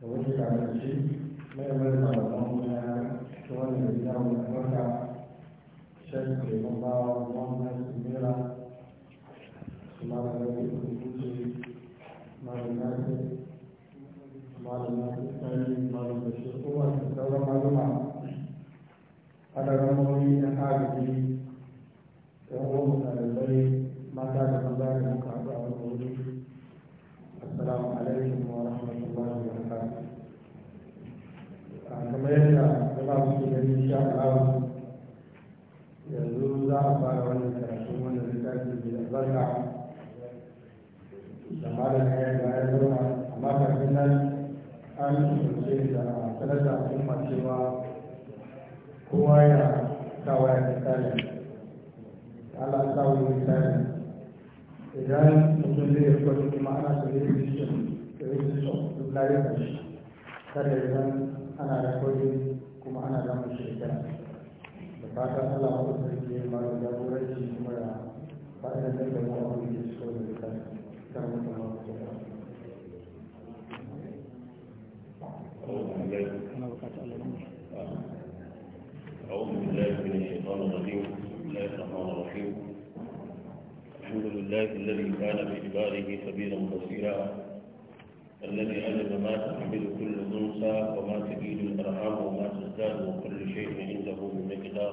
da wata kamarci mai wani malaman na ta wani gida wani amurka shan taimakon bawa wannan sumera su malaman da ke kuce malaman da malaman da tsari malaman da shi kowa da sauran malama adadin wani na agaji da wani mutane mata da maza da muka insha yanzu za a fara wannan karatun zai littafi da albarka da malam ya yi bayan amma kafin nan an kusance da sanar da al'umma cewa kowa ya kawo ya misali Allah ya misali idan mutum zai yi kwasu kuma ana su yi shi da ya yi shi da kada idan ana da kwasu kuma ana damun shekara da fatan allah wata sarki ya mara jagoranci kuma da fatan da da mawa wani da suka da ta karmar da mawa ta أعوذ بالله من الشيطان الرجيم بسم الله الرحمن الرحيم الحمد لله الذي كان بإجباره سبيلا بصيرا الذي علم ما تحمل كل انثى وما تبيد الارحام وما تزداد وكل شيء عنده بمقدار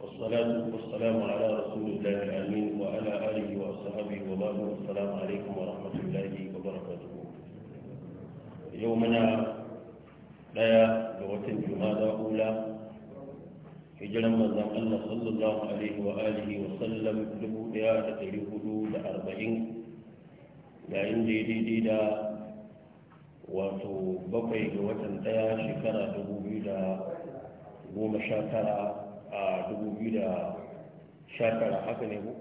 والصلاة والسلام على رسول الله الأمين وعلى آله وأصحابه وبعد السلام عليكم ورحمة الله وبركاته يومنا لا لغة جمادى أولى hijiran manzon الله صلى الله عليه وآله وسلم لبوء dubu daya da yayin da ya daidai da wato bakwai ga watan daya shekara dubu biyu da goma a dubu biyu haka ne ku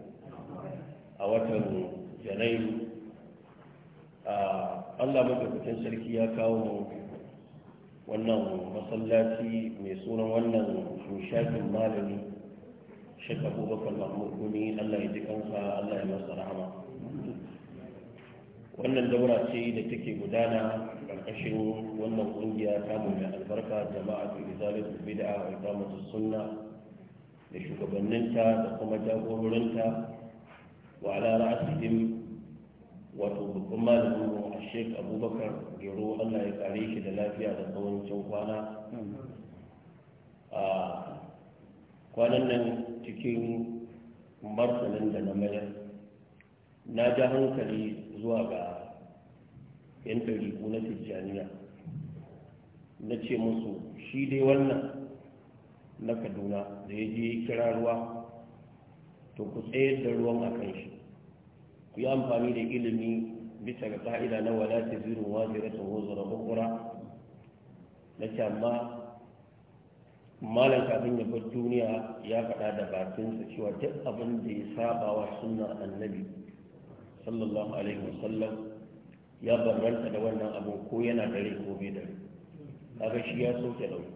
a watan janairu allah madaukakin sarki ya kawo wannan masallaci mai sunan wannan shafin malami shekaru bakar mahmud allah ya ji kansa allah ya masa rahama wannan daura ce da take gudana ƙarƙashin wannan ƙungiya ta mai albarka jama'a ta izalin bid'a wa iqamatu sunna da shugabanninta da kuma jagororinta wa ala ra'asihim wato babban malamin mu a sheik abubakar gero allah ya kare shi da lafiya da tsawon kwana a kwanan nan cikin martanin da na mayar na ja hankali zuwa ga yan ɗariku na tijjaniya na ce musu shi dai wannan na kaduna da ya je kira ruwa to ku tsayar da ruwan a kan shi ku yi amfani da ilimi bisa ga ka'ida na wala ta zirin wazira ta wazira kwakwara na ce amma malam kafin ya bar duniya ya faɗa da bakinsa cewa duk abin da ya saba wa sunnar annabi sallallahu alaihi wasallam ya barranta da wannan abu ko yana dare ko bai dare kaga shi ya soke dauki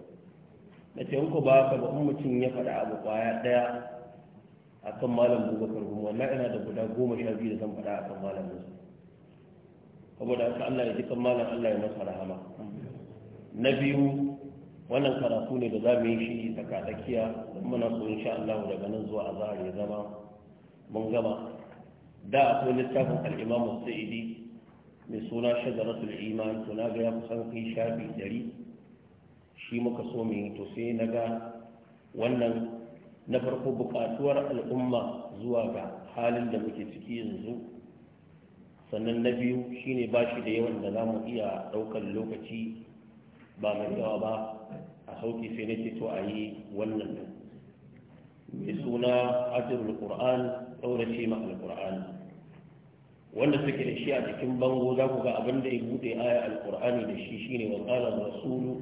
na ce ku ba ka ba in mutum ya faɗa abu kwaya ɗaya akan malam bubakar kuma wannan ina da guda goma sha biyu da zan faɗa akan malam musu saboda haka Allah ya ji kan malam Allah ya masa rahama na biyu wannan karatu ne da za mu yi shi tsakatsakiya don muna so insha Allah daga nan zuwa azhar ya zama mun gama da akwai littafin al'imam sa'idi mai suna shagaratul iman to na ga ya kusan kai shafi dari shi muka so mai to sai na ga wannan na farko buƙatuwar al'umma zuwa ga halin da muke ciki yanzu sannan na biyu shine ba shi da yawan da za mu iya ɗaukar lokaci ba mai yawa ba a sauki sai na ce to a yi wannan mai suna ajirul ƙur'an ɗaurace ma al wanda suke da shi a cikin bango za ku ga abin da ya bude aya alkur'ani da shi shine wa qala rasulu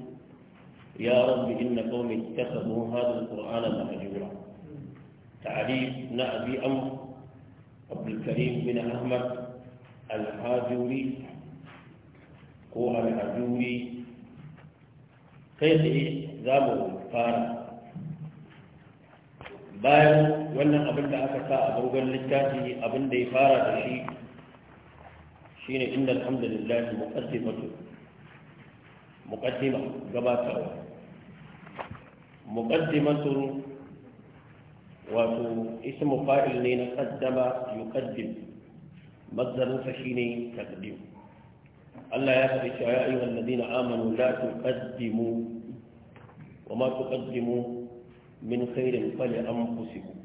ya rabbi inna qaumi ittakhadhu hadha alqur'ana mahjura ta'rif na abi amr abdul karim bin ahmad al-hajuri ko al-hajuri kai tsaye za mu fara bayan wannan abin da aka sa a bangon littafi abin da ya fara da shi shine inda alhamdulillah muqaddimatu muqaddima gabatarwa muqaddimatu wato ismu fa'il ne na qaddama yuqaddim masdarin sa shine taqdim Allah ya faɗi cewa ya ayyuhal ladina amanu la tuqaddimu wa ma tuqaddimu min khairin fali anfusikum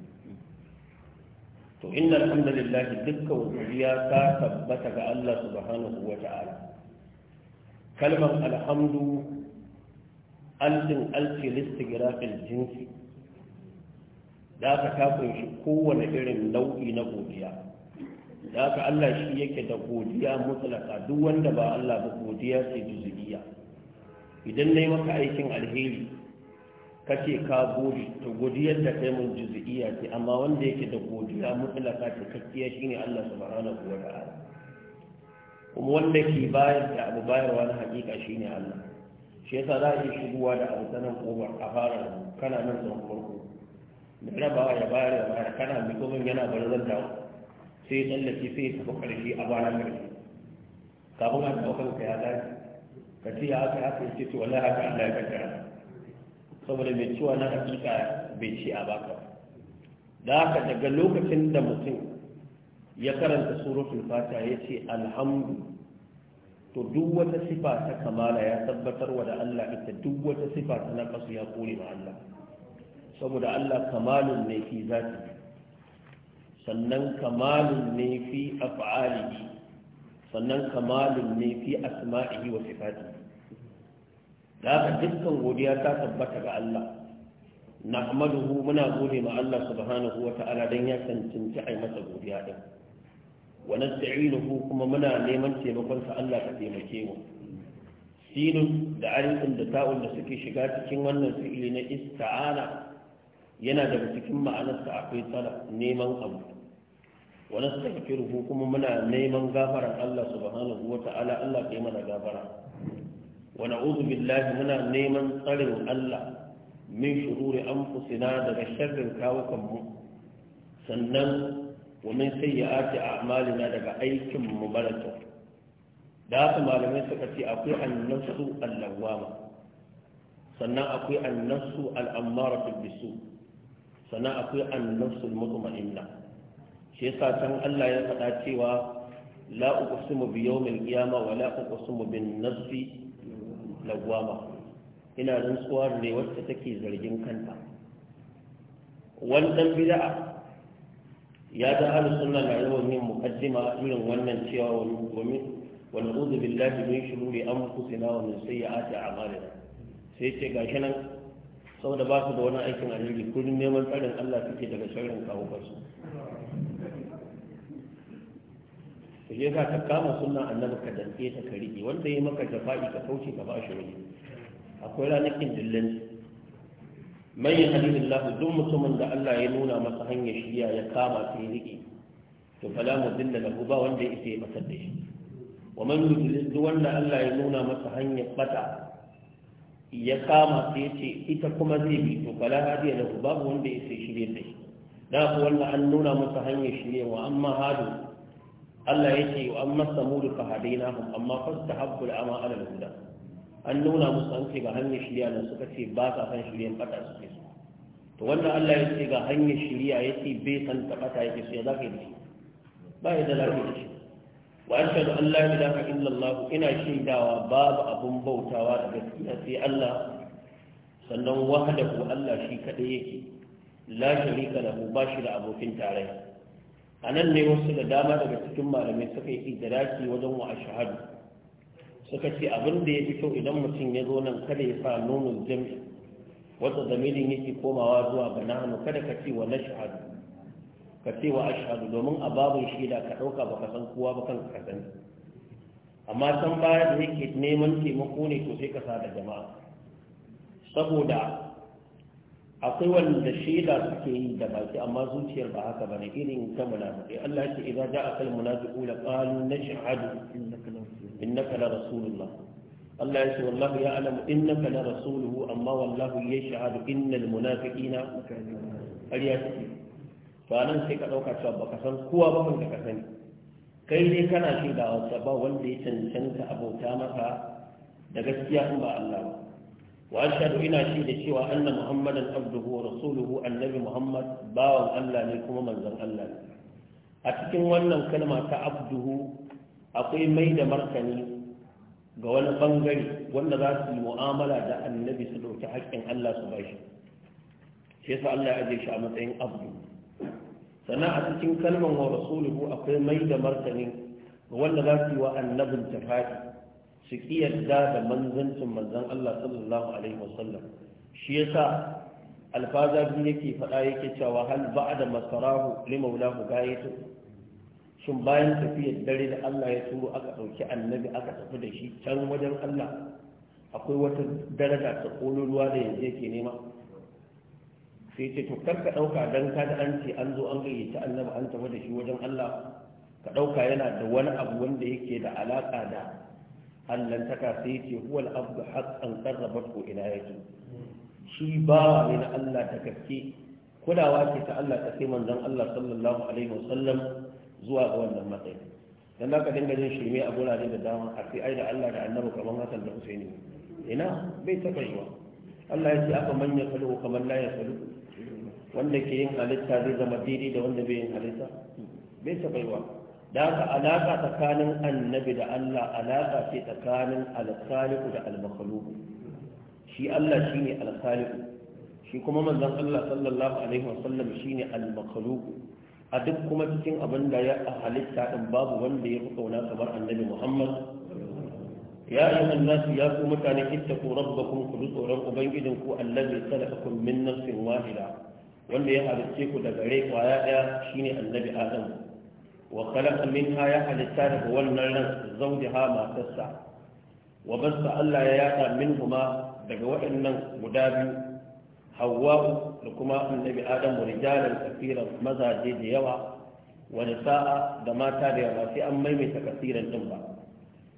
to inna alhamdulillah dukkan godiya ta tabbata ga Allah subhanahu wa ta'ala kalmar alhamdu alfin alfi listigirafin jinsi da aka ta kunshi kowane irin nau'i na godiya da aka Allah shi yake da godiya mutlaka duk wanda ba Allah ba godiya ce juzuliya idan na yi maka aikin alheri kake ka gode to godiyar da kai mun juz'iyya ce amma wanda yake da godiya mutlaka ta kakkiya shine Allah subhanahu wa ta'ala kuma wanda ke bayar da abu bayarwa na hakika shine Allah shi yasa za a yi shigowa da abu sanan kofar a fara kana nan tsohon farko da rabawa ya bayar da bayar kana mai komin yana zan da sai ya tsallake sai ya tafi ƙarshe a bana mai kafin a ɗaukan ka ya dace ka ce ya haka ya ce to wallahi haka Allah ya kaddara saboda mai ciwa na hakika bai ci a baka da haka daga lokacin da mutum ya karanta suratul fata ya ce alhamdu to duk wata sifa ta kamala ya tabbatar wa da Allah ita duk wata sifa ta naƙasu ya kore ma Allah saboda Allah kamalun ne fi zati sannan kamalun ne fi af'alihi sannan kamalun ne fi asma'ihi wa sifatihi da haka dukkan godiya ta tabbata ga Allah nahmaduhu muna gode ma Allah subhanahu wa ta'ala dan ya cancanci masa godiya din wa nasta'inuhu kuma muna neman taimakon sa Allah ta taimake mu sinun da alifin da ta'un da suke shiga cikin wannan fi'ili na ista'ana yana daga cikin ma'anarsa akwai tsara neman abu wani sakirhu kuma muna neman gafaran Allah subhanahu wa ta'ala Allah kai mana gafara Wani na'udhu billahi muna neman tsarin Allah min shururi anfusina daga sharrin kawukanmu? Sannan, wani sai ya sayyiati a'malina daga aikin mu baraka da su malamai suka ce akwai annasu allawama sannan akwai annasu al'ammaratu bisu sannan akwai annasu mutmainna shi yasa can Allah ya faɗa cewa la uqsimu biyo mai iyama wa la uqsimu bin nafsi lagwama ina rantsuwa ne wacce take zargin kanta wani dan bid'a ya da ahlu sunna na yawan yin muqaddima irin wannan cewa wani min wa na'udhu billahi min shururi anfusina wa min sayyiati a'malina sai ce gashi nan saboda ba su da wani aikin alheri kullum neman tsarin Allah suke daga sharrin kawo su to shi yasa ka kama sunnan annabi ka dantse ta ka rike wanda ya maka jafa'i ka kauce ka ba shi wani akwai ranakin dillanci man yahdihillahu duk mutumin da Allah ya nuna masa hanyar shiriya ya kama ta ya rike to fala mudilla lahu ba wanda ya isa ya batar da shi wa man yudlil duk wanda Allah ya nuna masa hanyar bata ya kama sai ce ita kuma zai bi to fala hadiya lahu babu wanda ya sai shirye da shi da ku wanda an nuna masa hanyar shirye wa amma hadu Allah ya ce wa amma samudu fa hadainahum amma fastahabbu al'ama ala al-huda an nuna musu an ce ga hanyar shirya nan suka ce ba sa san shiryan fata suke so to wanda Allah ya ce ga hanyar shirya ya ce bai san ta fata yake so ya zaka yi ba ya da lafiya da shi wa ashhadu an la ilaha illallah ina shaidawa babu abun bautawa da gaskiya sai Allah sannan wahdahu Allah shi kadai yake la sharika lahu ba shi da abokin tarayya a nan ne wasu da dama daga cikin malamai suka yi idiraki wajen wa shahadu suka ce abin da ya fi kyau idan mutum ya zo nan kada ya sa nonon jami'i wata zamirin yake komawa zuwa ga nahanu kada ka ce wa na shahadu ka ce wa shahadu domin a babu shaida ka ɗauka baka san kowa ba kanka ka san amma san baya da yake neman taimako ne to sai ka sa da jama'a saboda akwai wanda shaida suke yi da baki amma zuciyar ba haka bane irin ta munafiki Allah ce idan ja'a kal munafiqu la qalu nashhadu innaka la rasulullah Allah ya ce wallahu ya'lamu innaka la rasuluhu amma wallahu yashhadu innal munafiqina ƙarya suke to anan sai ka dauka cewa baka san kowa ba mun da ka sani kai dai kana shaida wa ba wanda ya cancanta abota maka da gaskiya in ba Allah ba وأشهد إنا شيد شوى أن محمدا عبده ورسوله النبي محمد باو الله لكم من زن الله أتكن ta كلمة عبده أقول ميد مركني ga wani bangare wanda za su yi mu'amala da annabi su dauki haƙƙin Allah su bashi shi Allah aje a matsayin abdu sannan a cikin kalman wa rasuluhu akwai mai da martani ga wanda za su yi wa annabin tafati su kiyarda da manzancin manzan Allah sallallahu alaihi wasallam shi yasa alfaza biyu yake faɗa yake cewa hal ba'da masarahu limaulahu gayatu shin bayan tafiyar dare da Allah ya turo aka ɗauki annabi aka tafi da shi can wajen Allah akwai wata daraja ta ƙololuwa da yanzu yake nema sai ce to ka ɗauka don ka da an ce an zo an gayyaci annabi an tafi da shi wajen Allah ka ɗauka yana da wani abu wanda yake da alaƙa da allantaka sai ce huwal abdu haqqan qarrabatku ila yaki shi ba ne na Allah ta kaske kulawa ce ta Allah ta sai manzon Allah sallallahu alaihi wasallam zuwa ga wannan matsayi dan naka dinga jin shirme a gurare da dama a sai ai da Allah da Annabi kaman Hassan da Husaini ina bai taba ba Allah ya ce aka manya kalu kamar la ya salu wanda ke yin halitta zai zama daidai da wanda bai yin halitta bai taba ba. da aka alaƙa tsakanin annabi da Allah alaƙa ce tsakanin alkhaliku da almakhluku shi Allah shi shine alkhaliku shi kuma manzon Allah sallallahu alaihi wasallam shine almakhluku a duk kuma cikin abin da ya halitta din babu wanda ya fi kauna kamar annabi Muhammad يا أيها الناس يا قوم اتقوا ربكم كل tsoron ubangijinku allazi khalaqakum min nafsin wahida wanda ya halicce ku da gare kwaya daya shine annabi Adamu. وخلق منها يا حلتان هو النرس زوجها ما تسع وبس ألا ياتا منهما دقوا إنن مدابي حواء لكما النبي آدم رجالا كثيرا مزا جيد يوا ونساء دماتا رياضاتي أم ميمت كثيرا تنبا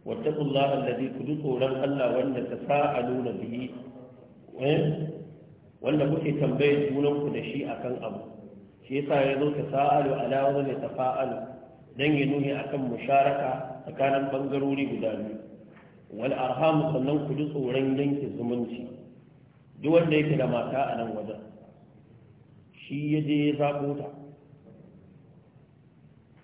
واتقوا الله الذي كدوته لن ألا وأن تساءلون به وأن كنت تنبيه دونكم شيئا كان أبو shi yasa ya zo ta sa'alu ala wani ta fa'alu dan yi nuni akan musharaka tsakanin bangarori guda biyu wal arham sannan ku ji tsoron yankin zumunci duk wanda yake da mata a nan wajen shi ya je ya zaɓo ta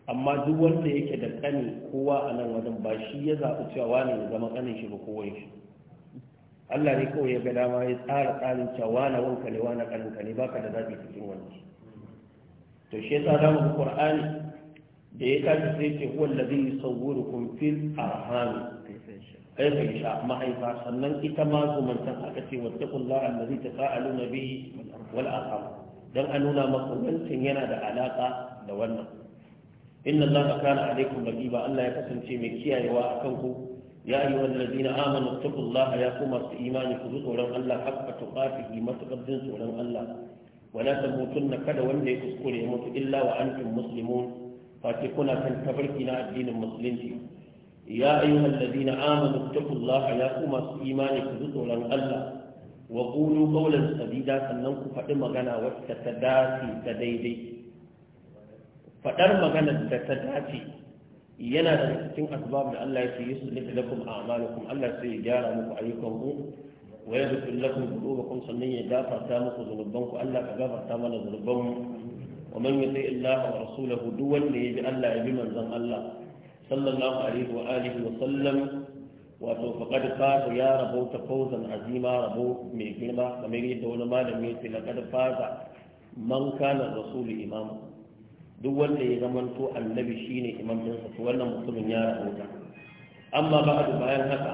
amma duk wanda yake da kani kowa a nan wajen ba shi ya zaɓi cewa ne ya zama kanin shi ba kowa shi Allah ne kawai ya ga dama ya tsara tsarin cewa na wanka ne wa na kanin ka ne baka da zaɓi cikin wani to shi yasa zamu ga Qur'ani da ya tashi sai ce huwa allazi yusawwirukum fil arham kaifa yasha mahaifa sannan ita ma zumuntan aka ce wattaqullaha allazi tasaaluna bihi wal arham dan a nuna maka wancan yana da alaka da wannan inna allaha kana alaikum raqiba Allah ya kasance mai kiyayewa a kanku. ya ayyuha na amanu taqullaha ya kuma su imani ku tsoron Allah hakka tuqatihi matuqaddin tsoron Allah wala na kada wanda ya kuskure mutu illa wa antum muslimun face kuna kan tabarki na addinin musulunci ya ayyuha alladhina amanu taqullaha ya kuma su imani ku tsoron Allah wa qulu qawlan sadida sannan ku faɗi magana wacce ta dace ta daidai faɗar magana da ta dace yana da cikin asbab da Allah ya ce yuslih lakum a'malukum Allah sai ya gyara muku ayyukanku wa yaghfir lakum dhunubakum sannan ya gafarta muku ku Allah ka gafarta mana mu. ومن يطيع الله ورسوله دول يجي الله يجي من زم الله صلى الله عليه وآله وسلم وفقد فاز يا ربو فوزا عظيما ربو ميكلمة كميري دول ما لم يتي لقد فاز من كان الرسول إمام دول يجي من تو النبي شيني إمام جنسة ولا مسلم يا ربو أما بعد بيان هذا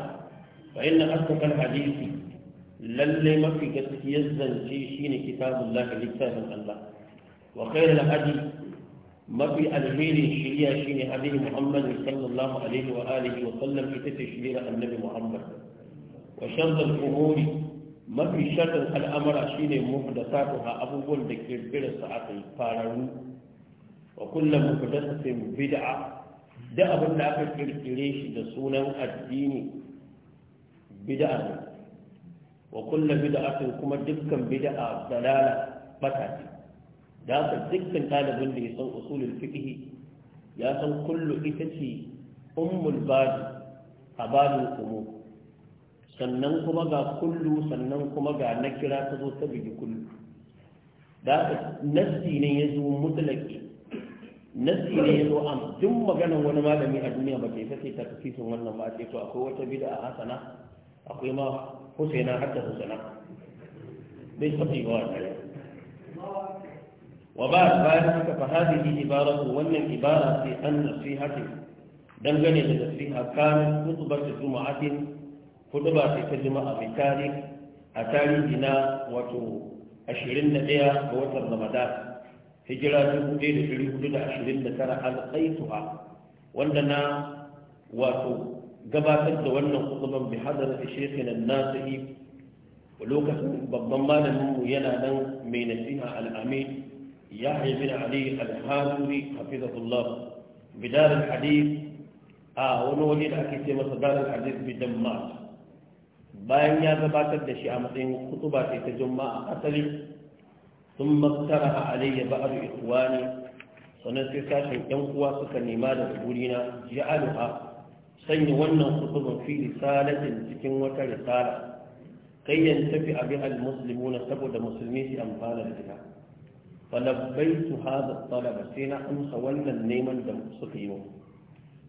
فإن أصدق الحديث للي ما في قد يزن شيني كتاب الله لكتاب الله wa khairul hadi mafi alherin shirya shine hadisi Muhammad sallallahu alaihi wa wa sallam ita ce shirya annabi Muhammad wa shaddal umuri mafi shaddal al'amara shine muhdathatu ha abubuwan da ke bira sa'a fararu wa kullu muhdathatin bid'a da abin da aka kirkire shi da sunan addini bid'a wa kullu bid'atin kuma dukkan bid'a dalala fata ce da haka dukkan ɗalibin da ya san usulul fiqh ya san kullu ita ce ummul badi a babin umu sannan kuma ga kullu sannan kuma ga na kira ta zo ta bigi kullu da haka nassi ne ya zo mutlaki nassi ne ya zo am duk maganar wani malami a duniya ba ta yi sai ta tafi sun wannan ba ce to akwai wata bida a hasana akwai ma husaina hatta husaina bai taɓa yi wa وبعد بعد haka fa hadhihi ibaratu wannan ibara sai an nasihati dangane da nasiha kan khutbatu juma'atin khutba ta juma'a bi a tarihi na wato 21 ga watan ramadan hijira 1429 alqaituha wanda na wato gabatar da wannan khutban bi hadarati shaykhina an-nasihi lokacin babban malamin mu yana nan mai nasiha al ya يحيى بن علي الحافظي حفظه wani بدار الحديث آه ونولي الأكيسي مصدر الحديث بدمار bayan ya gabatar da shi a matsayin kutuba ce ta juma'a asali sun maktara a alayya ba'adu ikhwani sannan sai sashen yan uwa suka nema da gurina ja'aluha sanya wannan kutubin fi risalatin cikin wata risala kai yan tafi abi al-muslimuna saboda musulmi su amfana da ita falabbaitu hadha talaba sai na amsa wannan neman da suka yi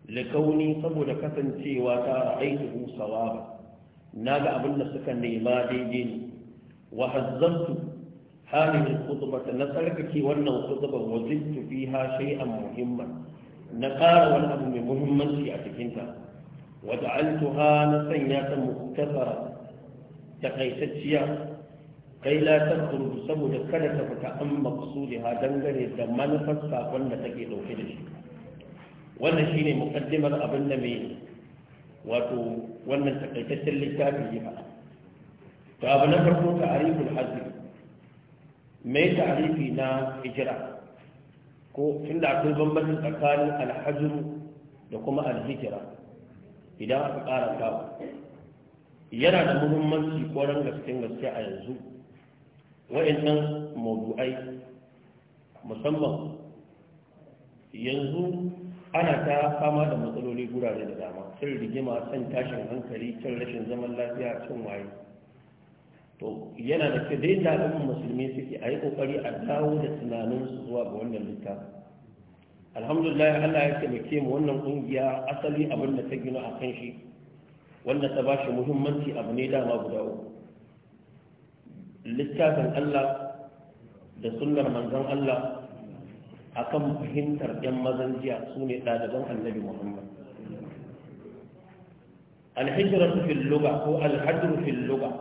likauni saboda kasancewa ta ba. Na naga abin da suka nema daidai ne wa hazzabtu hadhihi al na tsarkake wannan khutbah wa zittu fiha shay'an muhimman na ƙara wani abu mai muhimmanci a cikinta wata an ha na sanya ta muktasara takaitacciya kai la tadkhulu saboda kada ta fita an maqsudiha dangane da manufar sakon da take dauke da shi wannan shine muqaddimar abin da mai wato wannan takaitaccen littafi ya faɗa to abu na farko ta'riful hazbi mai ta'rifi na hijira ko da akwai bambanci tsakanin alhajr da kuma alhijira idan aka ƙara kawo yana da muhimmanci koran gaske gaske a yanzu wa'annan maudu'ai, musamman yanzu ana ta fama da matsaloli gurare da dama cin rigima san tashin hankali cin rashin zaman lafiya cin waye to yana da ke dai da abin musulmi suke a yi kokari a dawo da tunaninsu zuwa ga wannan littafin alhamdulillah Allah ya taimake mu wannan kungiya asali abin da ta gina a kan shi wanda ta ba shi muhimmanci abu ne dama guda uku littafin Allah da sunnar manzon Allah akan fahimtar yan mazan jiya su ne ɗaliban annabi Muhammad الهجرة في اللغة هو الهجر في اللغة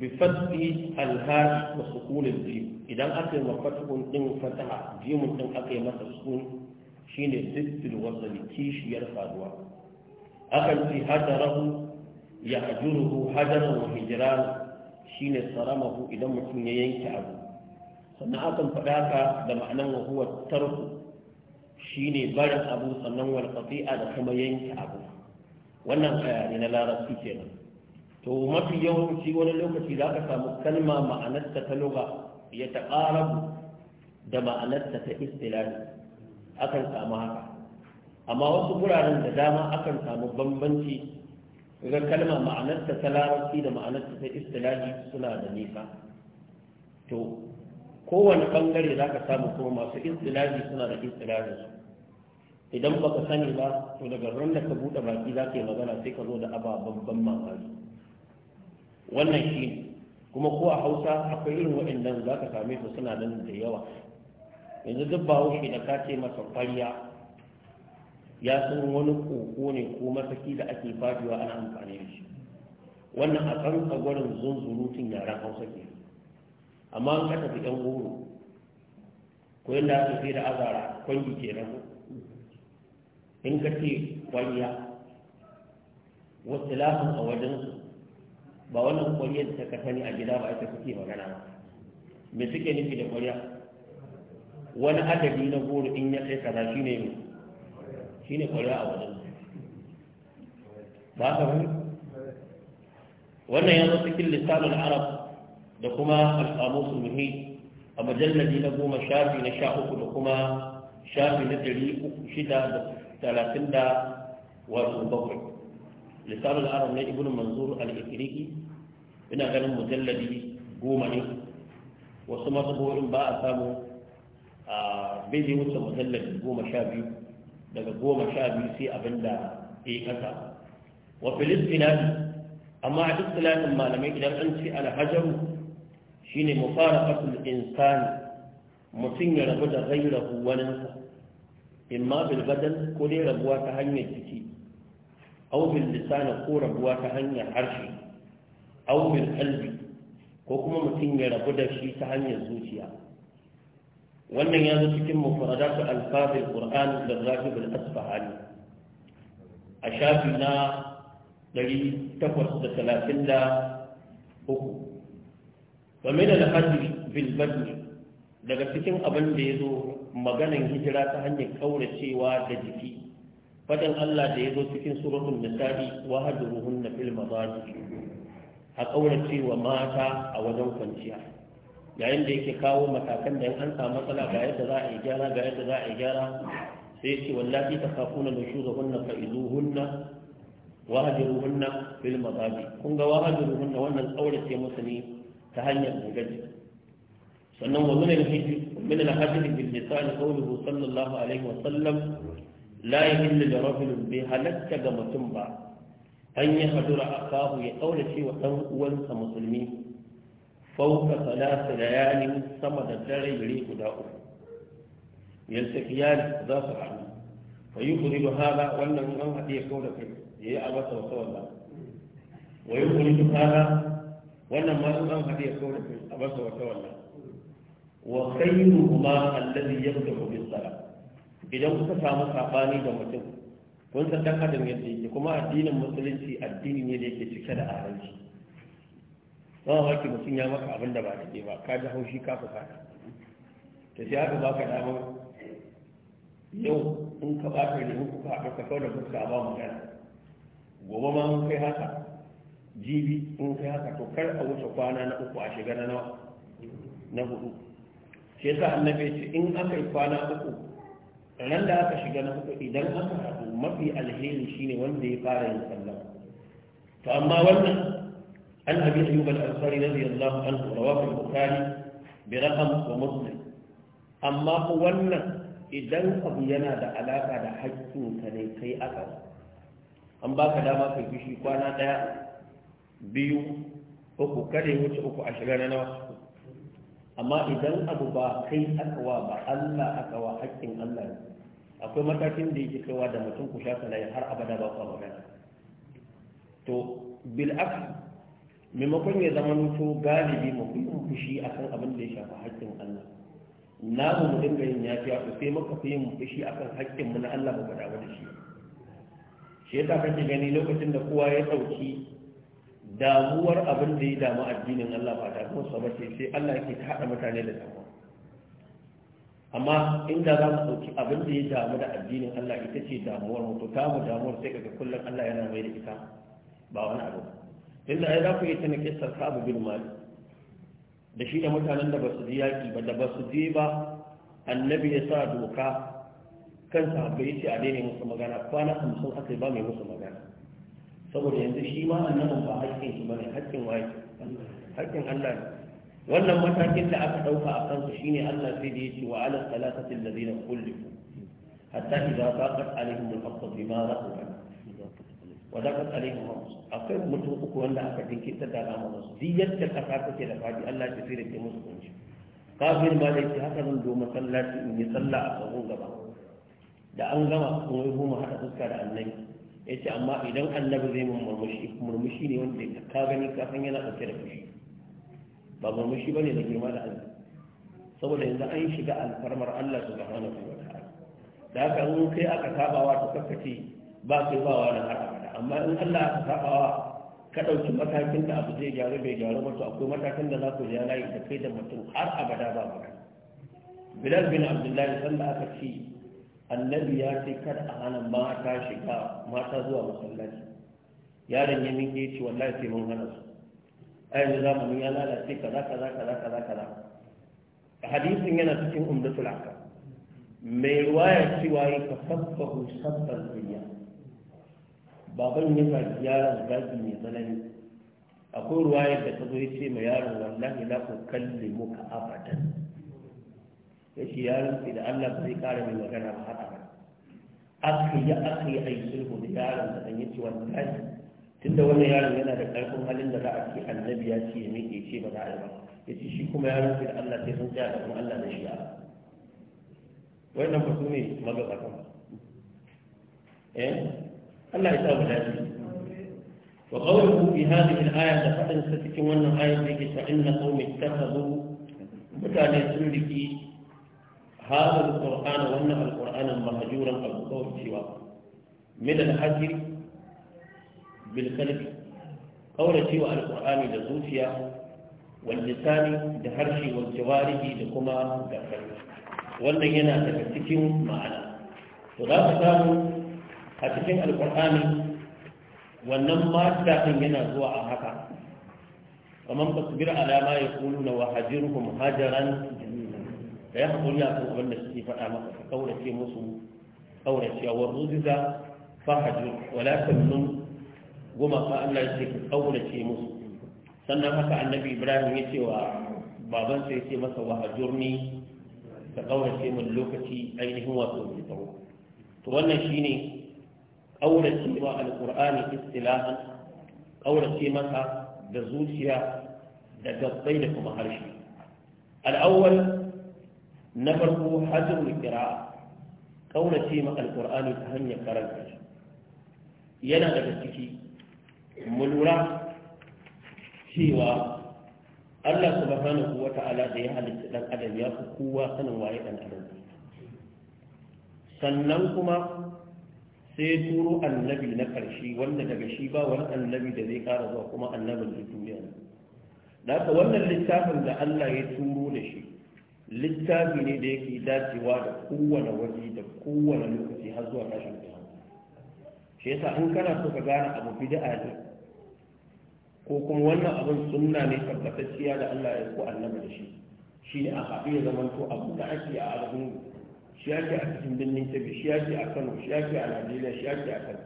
بفتح الهاء وسكون الجيم إذا أكل وفتح إن فتح جيم إن أكل سكون شين ست الوصل كيش يرفع دواء أكل في هجره يهجره هجرا وهجران shine saramahu idan mutum ya yanke abu sannan akan faɗa da ma'anan wa huwa tarku shine barin abu sannan wal qati'a da kuma yanke abu wannan bayani na larabci kenan to mafi yawanci wani lokaci za ka samu kalma ma'anarta ta lugha ya taqarabu da ma'anarta ta istilahi akan samu haka amma wasu wuraren da dama akan samu bambanci ga kalma ma'anarta ta larabci da ma'anarta ta istilahi suna da nisa to kowane bangare za ka samu kuma masu istilahi suna da istilahi idan ba ka sani ba to daga ran da ka buɗe baki za ka yi magana sai ka zo da ababen ban mamaki wannan shi kuma ko a hausa akwai irin waɗannan za ka same su suna nan da yawa yanzu duk ba da ka ce masa ƙwarya ya san wani koko ne ko mataki da ake fadiwa ana amfani da shi wannan a kan gwarin zurutun yaren hausa ke amma an kasa fi yan goro ko yadda aka fi da azara kwangi ke nan in ka ce kwanya wasu lafin a wajensu ba wannan kwanyar ta kasa ne a gida ba ita suke magana ba me suke nufi da kwanya wani adadi na goro in ya kai kaza shi ne mai shine kwarewa a wajen ba ka mu wannan ya zo cikin lissanin arab da kuma al'amusul muhit a majalladi na goma shafi na sha uku da kuma shafi na ɗari uku shida da talatin da wato bakwai lissanin arab na ibn manzur al-ikiriki ina ganin mujalladi goma ne wasu matsaborin ba a samu a bai wuce mujalladi goma sha biyu daga goma sha biyu sai abin da ya yi kasa wa filistinani amma a duk talatin malamai idan an ce alhajaru shi ne fara kasul insani mutum ya rabu da gairahu waninsa in ma bilbadan ko dai rabuwa ta hanyar jiki au bil lisani ko rabuwa ta hanyar harshe au bil kalbi ko kuma mutum ya rabu da shi ta hanyar zuciya wannan ya zo cikin mufradatu alfazil qur'an da zafi bil asfahani a shafi na 833 wa min al hajj bil badn daga cikin abin da ya zo maganan hijira ta hanyar ƙauracewa da jiki fadin Allah da ya zo cikin suratul nisa'i wa hadruhunna fil madajid a kauracewa mata a wajen kwanciya yayin da yake kawo matakan da an samu matsala ga yadda za a yi gyara ga yadda za a yi gyara sai ce wallafi ta kafuna da shugabunna fa izuhunna wa hajiruhunna fil mazabi kun ga wa hajiruhunna wannan tsaurace musu ne ta hanyar gudaji sannan wa min al-hijr min al-hajr bil lisan qawluhu sallallahu alaihi wa sallam la yahillu li rajulin bi halatta ga mutum ba an yi hadura akahu ya kaurace wa dan uwansa musulmi fauka salasa layali sama da dare yare guda uku yaltaqiyan za su haɗu fa yukhridu hada wannan an haɗe ya kauda kai yayi a wasa wasa wannan wa yukhridu hada wannan ma an haɗe ya kauda kai a wasa wasa wannan wa khayruhuma alladhi yabda'u bis salam idan kuka samu sabani da mutum kun san dan adam yadda yake kuma addinin musulunci addini ne da yake cike da adalci wani haƙi ki mutum ya maka abin da ba da ba ka ji haushi ka fuka ta ta sai ba ka damar yau in ka ba ka rihin kuka a ka kawai da fuska ba magana gobe ma in kai haka jibi in kai haka to kar a wuce kwana na uku a shiga na nawa na hudu ke yasa annabi ce in aka yi kwana uku ran da aka shiga na hudu idan aka haɗu mafi alheri shine wanda ya fara yin sallah to amma wannan عن أبي أيوب الأنصاري رضي الله عنه رواه البخاري برقم ومسلم أما هو idan abu yana da alaka da haƙƙinka ne kai aka an ba ka dama kai fushi kwana ɗaya biyu uku kare wuce uku a shiga na nawa amma idan abu ba kai aka ba Allah aka wa haƙƙin Allah ne akwai matakin da yake kaiwa da mutum ku sha har abada ba ku magana to bil maimakon ya zama nuto galibi mu fi yin fushi kan abin da ya shafa haƙƙin Allah na mu dinga yin yafiya ku sai muka fi yin fushi kan haƙƙin mu na Allah ba mu dawo da shi shi yasa kake gani lokacin da kowa ya ɗauki damuwar abin da ya damu addinin Allah ba ta kuma sabar ce sai Allah yake ta haɗa mutane da damuwa amma inda za mu ɗauki abin da ya damu da addinin Allah ita ce damuwar mu to ta mu damuwar sai kaga kullum Allah yana mai da ita ba wani abu ba inda ai za ku yi tana kisar kabu bin mali da shi da mutanen da ba su ji yaƙi ba da ba su je ba annabi ya sa doka kan ya ce a daina musu magana kwana hamsin aka ba mai musu magana saboda yanzu shi ma annabin ba haƙƙin shi bane haƙƙin waye haƙƙin Allah ne wannan matakin da aka ɗauka a kansu shine Allah sai da ya ce wa ala salatati allazina kullu hatta idza taqat alaihim ma za bima rahabat wa da kan alaihi wa akwai mutum uku wanda aka jinkirta ta da al'amuran su duk ta kasa take da fadi Allah ya tsira ke musu kunci kafin ba da yake haka zan zo masallaci in yi sallah a tsaron gaba da an gama kun yi mu haɗa fuska da annabi ya ce amma idan annabi zai mun murmushi murmushi ne wanda ya ka gani ka san yana ɗauke da fushi ba murmushi ba ne da girma da hannu saboda yanzu an shiga alfarmar Allah su subhanahu wa ta'ala da haka in kai aka tabawa ta kakkace ba kai ba wani har amma in Allah saba wa ka ɗauki matakin da abu zai gyaru bai gyaru ba to akwai matakin da za ku ja layi da kai da mutum har abada ba ba bilal bin abdullahi da aka ce annabi ya ce kada a hana mata shiga mata zuwa masallaci yaron ya min ci wallahi sai mun hana su a yanzu zamanin ya lalace kaza kaza kaza kaza kaza hadisin yana cikin umdatul aka mai ruwaya cewa ya ka sabbahu sabbar duniya baban ya sa yaron zaki mai tsanani akwai ruwa yadda ta zo ya ce ma yaron wallahi la ku kalli muka abadan ya ce yaron sai da Allah ba zai kara mai magana ba haka ba aka yi aka yi ayi sulhu da yaron da ya ce wallahi da wannan yaron yana da karfin halin da za a ce annabi ya ce ya ke ce ba za a yi ba ya ce shi kuma yaron sai da Allah sai sun tsaya da kuma Allah da shi a wannan ba su ne magabatan ba. Eh? Allah ya sa mu dace wa qawluhu fi hadhihi al-aya da fadin sa cikin wannan ayat da yake cewa inna qaumi ittakhadhu mutane sun riki hadha al-qur'ana wannan al-qur'ana mahjuran abu kawcewa min al-hajr bil qalbi kauracewa al-qur'ani da zuciya wal lisani da harshe wal jawarihi da kuma gaban wannan yana daga cikin ma'ana to za ka samu a cikin alkur'ani wannan mata ɗin yana zuwa a haka kamar ba su bir alama ya kulu na wahajirhum hajaran da ya haƙuri a kan abin da suke faɗa maka ka kaurace musu kaurace wa ruziza fahajir wala tamnun goma fa Allah ya ce ka kaurace musu sannan haka annabi Ibrahim ya ce wa babansa ya ce masa wahajurni ka kaurace min lokaci ainihin wato mai tsawo to wannan shine ƙaurace ma alƙur'ani istilahan ƙaurace masa da zuciya da gabbai da kuma harshe al'awwal na farko hajjin kira ƙaurace ma alƙur'ani ta hanyar karanta yana daga ciki mu lura cewa Allah subhanahu wa ta'ala da ya halitta dan adam ya fi kowa sanin waye dan adam sannan kuma sai turo annabi na ƙarshe wanda daga shi ba wani annabi da zai ƙara zuwa kuma annabin da duniya da haka wannan littafin da Allah ya turo da shi littafi ne da yake dacewa da kowane waje da kowane lokaci har zuwa tashin kiyama shi yasa an kana so ka gane abu bid'a ne ko kuma wannan abin sunna ne tabbatacciya da Allah ya ko annabi da shi shine a haɗu ya zamanto abu da ake a al'umma shi yake a cikin birnin kebe shi yake a kano shi yake a najeriya shi yake a kano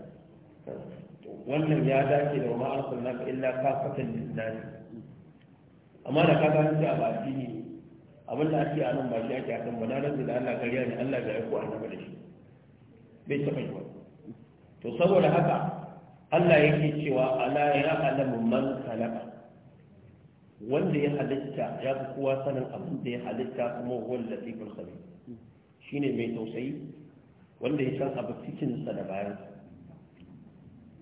wannan ya dace da wama arsalna ka illa kafatan lillahi amma da ka gani a baki ne abin da ake anan ba shi ake akan ba na rantsa da Allah gariya ne Allah ga aiko annaba da shi bai taɓa yi ba to saboda haka Allah yake cewa ala ya alamu man khalaqa wanda ya halitta ya fi kowa sanin abin da ya halitta kuma huwa latiful khabir shine mai tausayi wanda ya san abu cikinsa da bayan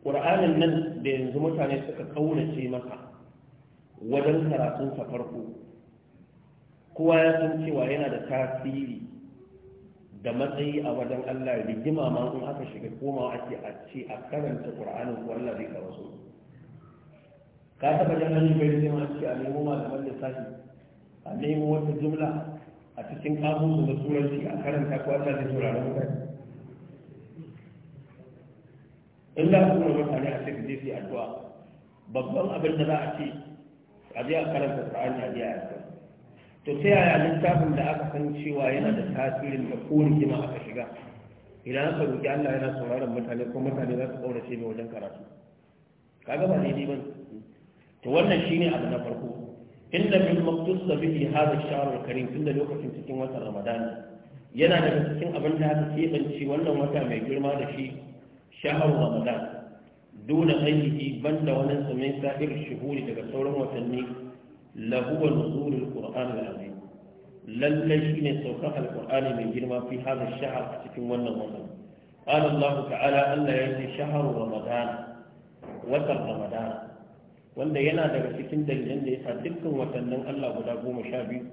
ƙur'anin nan da yanzu mutane suka ƙaunace maka wajen karatunsa farko kowa ya san cewa yana da tasiri da matsayi a wajen Allah rigima ma in aka shiga komawa ake a ce a karanta ƙur'anin ko Allah zai kawo su ka taɓa jan hannun bai zai ma ce a nemo malaman lissafi a nemo wata jumla a cikin kamun da turanci a karanta ko Allah zai saurara mutane in za a tura mutane a cikin zai fi addu'a babban abin da za a ce a je a karanta Qur'ani a je a addu'a to ta yaya littafin da aka san cewa yana da tasirin da ko rigima aka shiga idan aka roƙi Allah yana sauraron mutane ko mutane za su kaurace mai wajen karatu kaga ba ne ba to wannan shine abu na farko inna min maqtus bihi hadha ash karim tunda lokacin cikin watan ramadan yana daga cikin abin da aka kebanci wannan wata mai girma da shi shahar ramadan dole ainihi banda wannan samin sa'ir shuhuri daga sauran watanni lahuwa nuzulul qur'an al-azim lalle shine saukar alqur'ani mai girma fi hadha shahr a cikin wannan watan qala Allah ya Allah yace shahar ramadan watan ramadan wanda yana daga cikin dalilan da ya sa dukkan watannin Allah guda goma sha biyu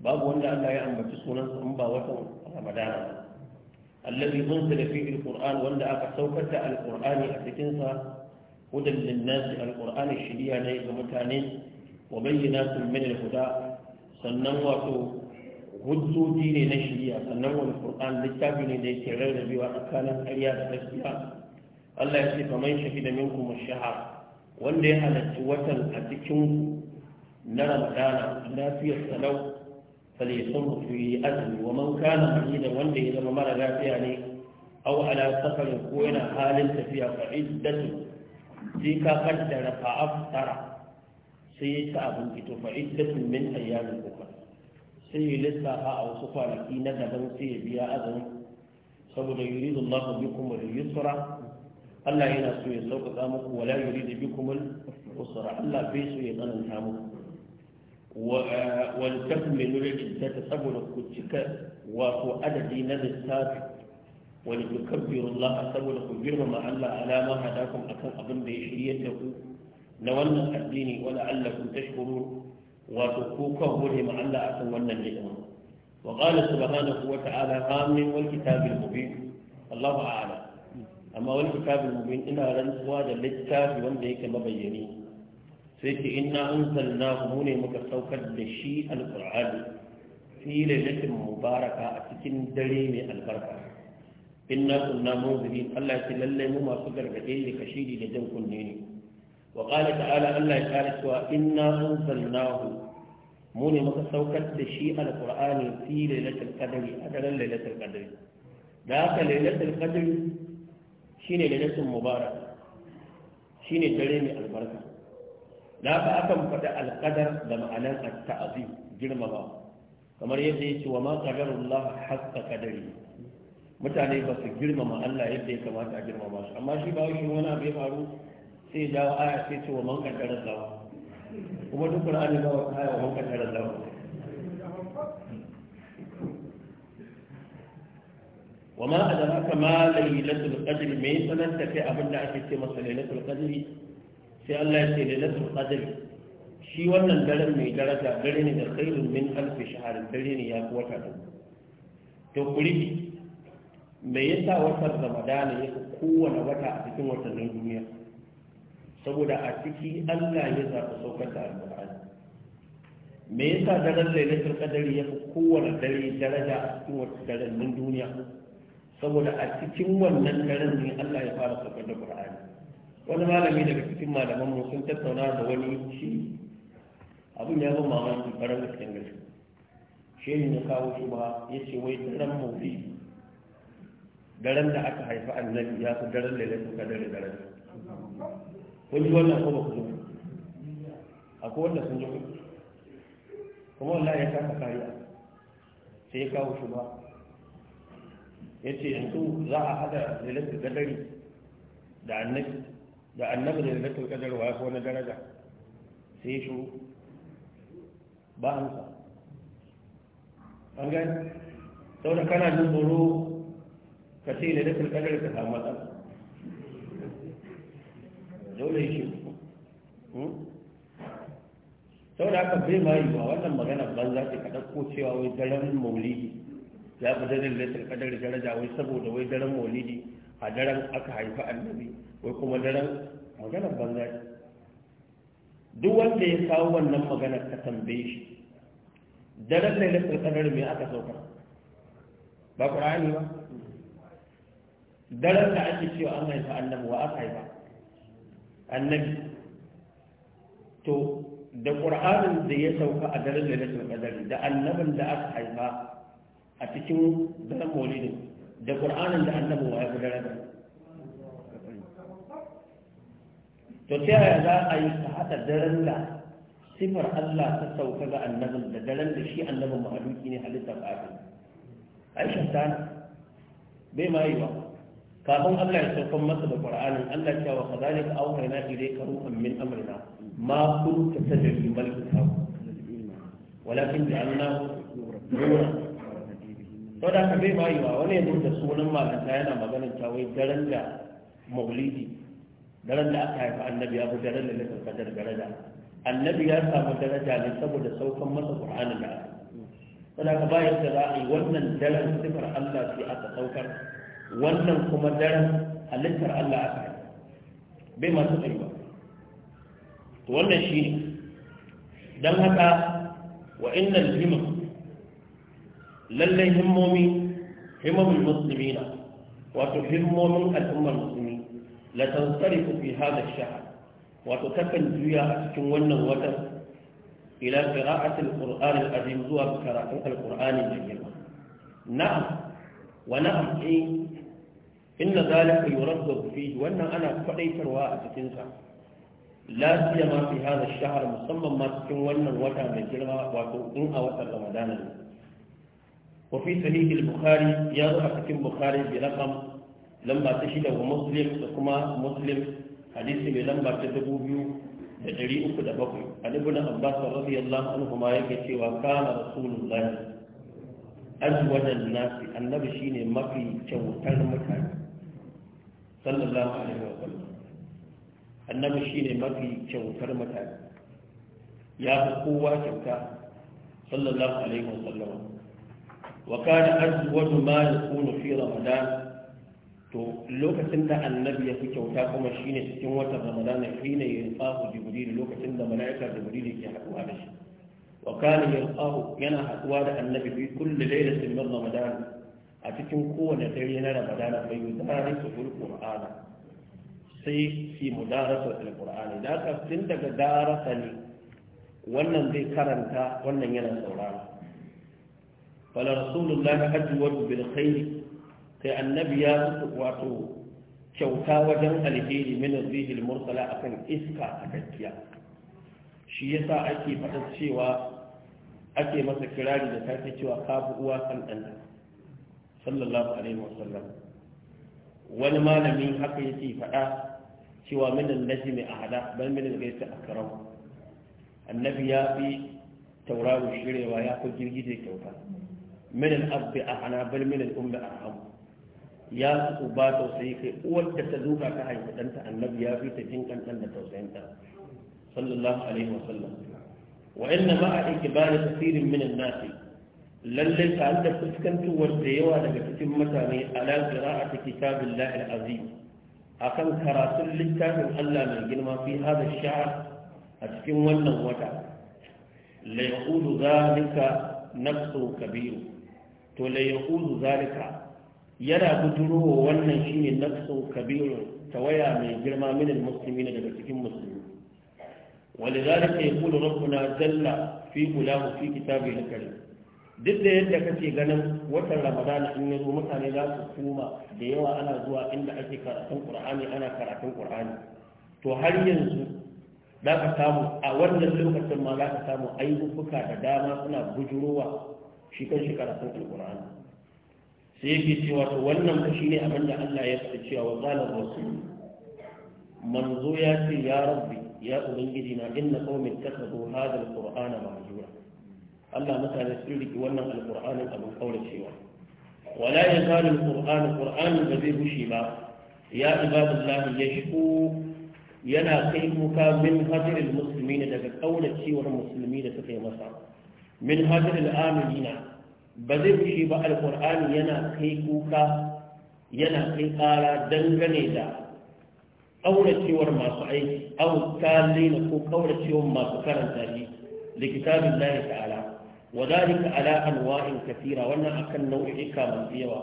babu wanda Allah ya ambaci sunansa in ba watan Ramadana allazi unzila fihi alquran wanda aka saukar da alqurani a cikin sa hudan linnas alqurani shiriya ne ga mutane wa bayyinatun min alhuda sannan wato hujjoji ne na shiriya sannan wani qur'an littafi ne da yake rarrabewa tsakanin ƙarya da gaskiya Allah ya ce man shahida minkum ash-shahar wanda ya halarci watan a cikin na ramadana lafiyar salau falisun su yi azumi wa man kana da wanda ya zama mara lafiya ne au ala safarin ko yana halin tafiya fa iddatu sai ka kaddara fa aftara sai ya ci abinci to fa iddatu min ayyamin ukhra sai ya lissafa a wasu kwanaki na daban sai ya biya azumi saboda yuridu Allahu bikum al-yusra Allah yana so ya sauƙaƙa muku wala yuri da bi kuma usra Allah bai so ya tsananta muku eh, wal takmilu al-iddata saboda ku cika wato adadi na lissafi wal tukabbiru Allah saboda ku girmama Allah alama hadakum akan abin da ya shirye da ku na wannan addini wala allakum tashkuru wato ku kan gode ma Allah akan wannan ni'ima wa qala subhanahu wa ta'ala amin wal kitabil mubin Allahu a'lam amma wani kitabul mubin ina rantsuwa da littafi wanda yake mabayyani sai ce inna anzalnahu mu ne muka saukar da shi alqur'ani fi lailatin mubaraka a cikin dare mai albarka inna kunna munzirin Allah ya lalle mu masu gargade ne kashidi da jan kunne ne wa qala ta'ala Allah ya kare cewa inna anzalnahu mu ne muka saukar da shi alqur'ani fi lailatul qadri a daren lailatul qadri da haka lailatul qadri shine da nasin mubara shine dare mai albarka da ka akan faɗa alƙadar da ma'anar ta'azim girmama kamar yadda ya ce wa ma qadarullah haqqa qadari mutane ba su girmama Allah yadda ya kamata a girmama su amma shi ba shi wani abu ya faru sai ya dawo aya sai ce wa man qadara Allah kuma duk Qur'ani ba wa aya wa man qadara Allah wa ma adraka ma lailatul qadr me sananta kai da ake ce masa lailatul qadr sai Allah ya ce lailatul qadr shi wannan daren mai daraja dare ne da khairun min alf shahr dare ne ya fi wata dubu to kuri me yasa watan ramadana ya kowane wata a cikin watannin duniya saboda a ciki Allah ya zaɓi saukar da alƙur'ani me yasa daren lailatul qadari ya fi kowane dare daraja a cikin watannin duniya saboda a cikin wannan daren ne Allah ya fara saukar da Qur'ani wani malami daga cikin malaman mu sun tattauna da wani shi abin ya zama mamaki faran gaskiyar gaske ne na kawo shi ba ya ce wai daren mawuli daren da aka haifi annabi ya fi daren da lailatul qadar da daren kun ji wannan ko ba ku zo akwai wanda sun ji kuma wallahi ya kasa kariya sai ya kawo shi ba ya ce yanzu za a hada lailatul qadari da annabi da annabi da lailatul qadar wa wani daraja sai shi ba an sa an gani da kana jin tsoro ka ce lailatul qadar ka samu matsala dole shi hmm? da haka bai ma yi wa wannan magana ban ce ka ɗauko cewa wai daren maulidi ya fi daren laisar kadar daraja wai saboda wai daren maulidi a daren aka haifi annabi wai kuma daren maganar banza duk wanda ya kawo wannan maganar ka tambaye shi daren lailatul kadar me aka sauka ba qur'ani ba daren da ake cewa an haifa annabi wa aka haifa annabi to da qur'anin da ya sauka a daren lailatul kadar da annabin da aka haifa a cikin daren maulidin da ƙur'anin da annabi wa ya gudanar da to ta yaya za a yi ka haɗa daren da sifar Allah ta sauka ga annabin da daren da shi annabin mahaluki ne halittar ƙafin Aisha ta bai ma yi ba kafin Allah ya saukan masa da ƙur'anin Allah cewa ka auka auhaina ilai ka ruhan min amrina ma kun kunta tadri mal kitab walakin ja'alnahu nura sau da ka bai mayewa wani yanzu da sunan malanta yana maganin ta wai daren da maulidi daren da aka haifa annabi ya daren da nufin kadar daraja annabi ya samu daraja ne saboda saukan masa qur'anin da aka sau da ka ba da za a yi wannan daren sifar allah sai aka saukar wannan kuma daren halittar allah aka haifa. bai masu tsayuwa to wannan shi don haka wa innal jimma lallai himmomi musulmi na. wato himmomin al'ummar musulmi la tansarifu fi hadha shahar? shahr wato takan juya a cikin wannan watan ila qira'ati al-qur'an al-azim zuwa karatun al-qur'ani mai girma na'am wa na'am eh inna zalika yuraddu fihi wannan ana kwadaitarwa a cikin sa la siyama fi hadha shahar musamman ma cikin wannan wata mai girma wato in a watan ramadana ne وفي صحيح البخاري يا رأى البخاري برقم لما تشهد ومسلم وكما مسلم حديث لما تدبو بيو تجري أكد بقي عن ابن عباس رضي الله عنه ما يكتي وكان رسول الله أزوج الناس أن نبشين شيني مكي كوتر مكان صلى الله عليه وسلم النبي شيني مكي كوتر مكان ya fi kowa kyauta sallallahu alaihi wasallam wa kana azwaj ma yakunu fi ramadan to lokacin da annabi ya fi kyauta kuma shine cikin watan ramadan shine yalqahu jibril lokacin da malaikar jibril ke haɗuwa da shi wa kana yalqahu yana haɗuwa da annabi fi kulli laylatin min ramadan a cikin kowane dare na ramadan bai yudarisu qur'ana sai fi mudarasa alqur'ani da ka tun daga darasa ne wannan zai karanta wannan yana saurara fala rasulullahi ajwadu bil khair sai annabi ya wato kyauta wajen alheri min azihil mursala akan iska a gaskiya shi ya yasa ake fada cewa ake masa kirari da take cewa kafu uwa kan dan sallallahu alaihi wasallam wani malami haka yake faɗa, cewa min najmi ahada bal minan al a akram annabi ya fi taurawo shirewa ya fi girgije kyauta min al-abbi ahana bal min al-ummi arham ya su ba tausayi kai uwar da ta duka ka haifi ɗanta annabi ya fi ta jinkan ɗan da tausayin ta sallallahu alaihi wa sallam wa inna ma a ikibari kasirin min an da fuskantuwar da yawa daga cikin mutane ala qira'ati kitabillahi al-azim akan karatun littafin Allah mai girma fi hada sha'r a cikin wannan wata la yaqulu dhalika nafsu kabiru to la yaqulu zalika yana budurwa wannan shine nafsu ta tawaya mai girma min almuslimina daga cikin musulmi ولذلك يقول ربنا جل في ملاه في كتابه الكريم duk da yadda kake ganin watan ramadana in ya zo mutane za su koma da yawa ana zuwa inda ake karatun qur'ani ana karatun qur'ani to har yanzu za ka samu a wannan lokacin ma za ka samu ayyuka da dama suna bujurowa shi kan shi karatun alqur'ani sai yake cewa to wannan ba shine abin da Allah ya faɗi cewa wa qala rasul manzo ya ce ya rabbi ya ubangiji na inna qaumi ittakhadhu hadha alqur'ana mahjura Allah mutane sun riki wannan alqur'anin abin cewa. wala yazalu alqur'anu qur'anin ba zai bushe ba ya ibadallahi yashku yana kai kuka min hajjil musulmi daga daga kauracewar musulmi da suka yi masa min hajjar al'amilina ba zai fushi ba alƙur'ani yana kai kuka yana kai ƙara dangane da ƙauracewar masu aiki au kalina ko ƙauracewar masu karanta shi da kitabin lahi ta'ala wa zalika ala anwa'in kafira wannan akan nau'ika masu yawa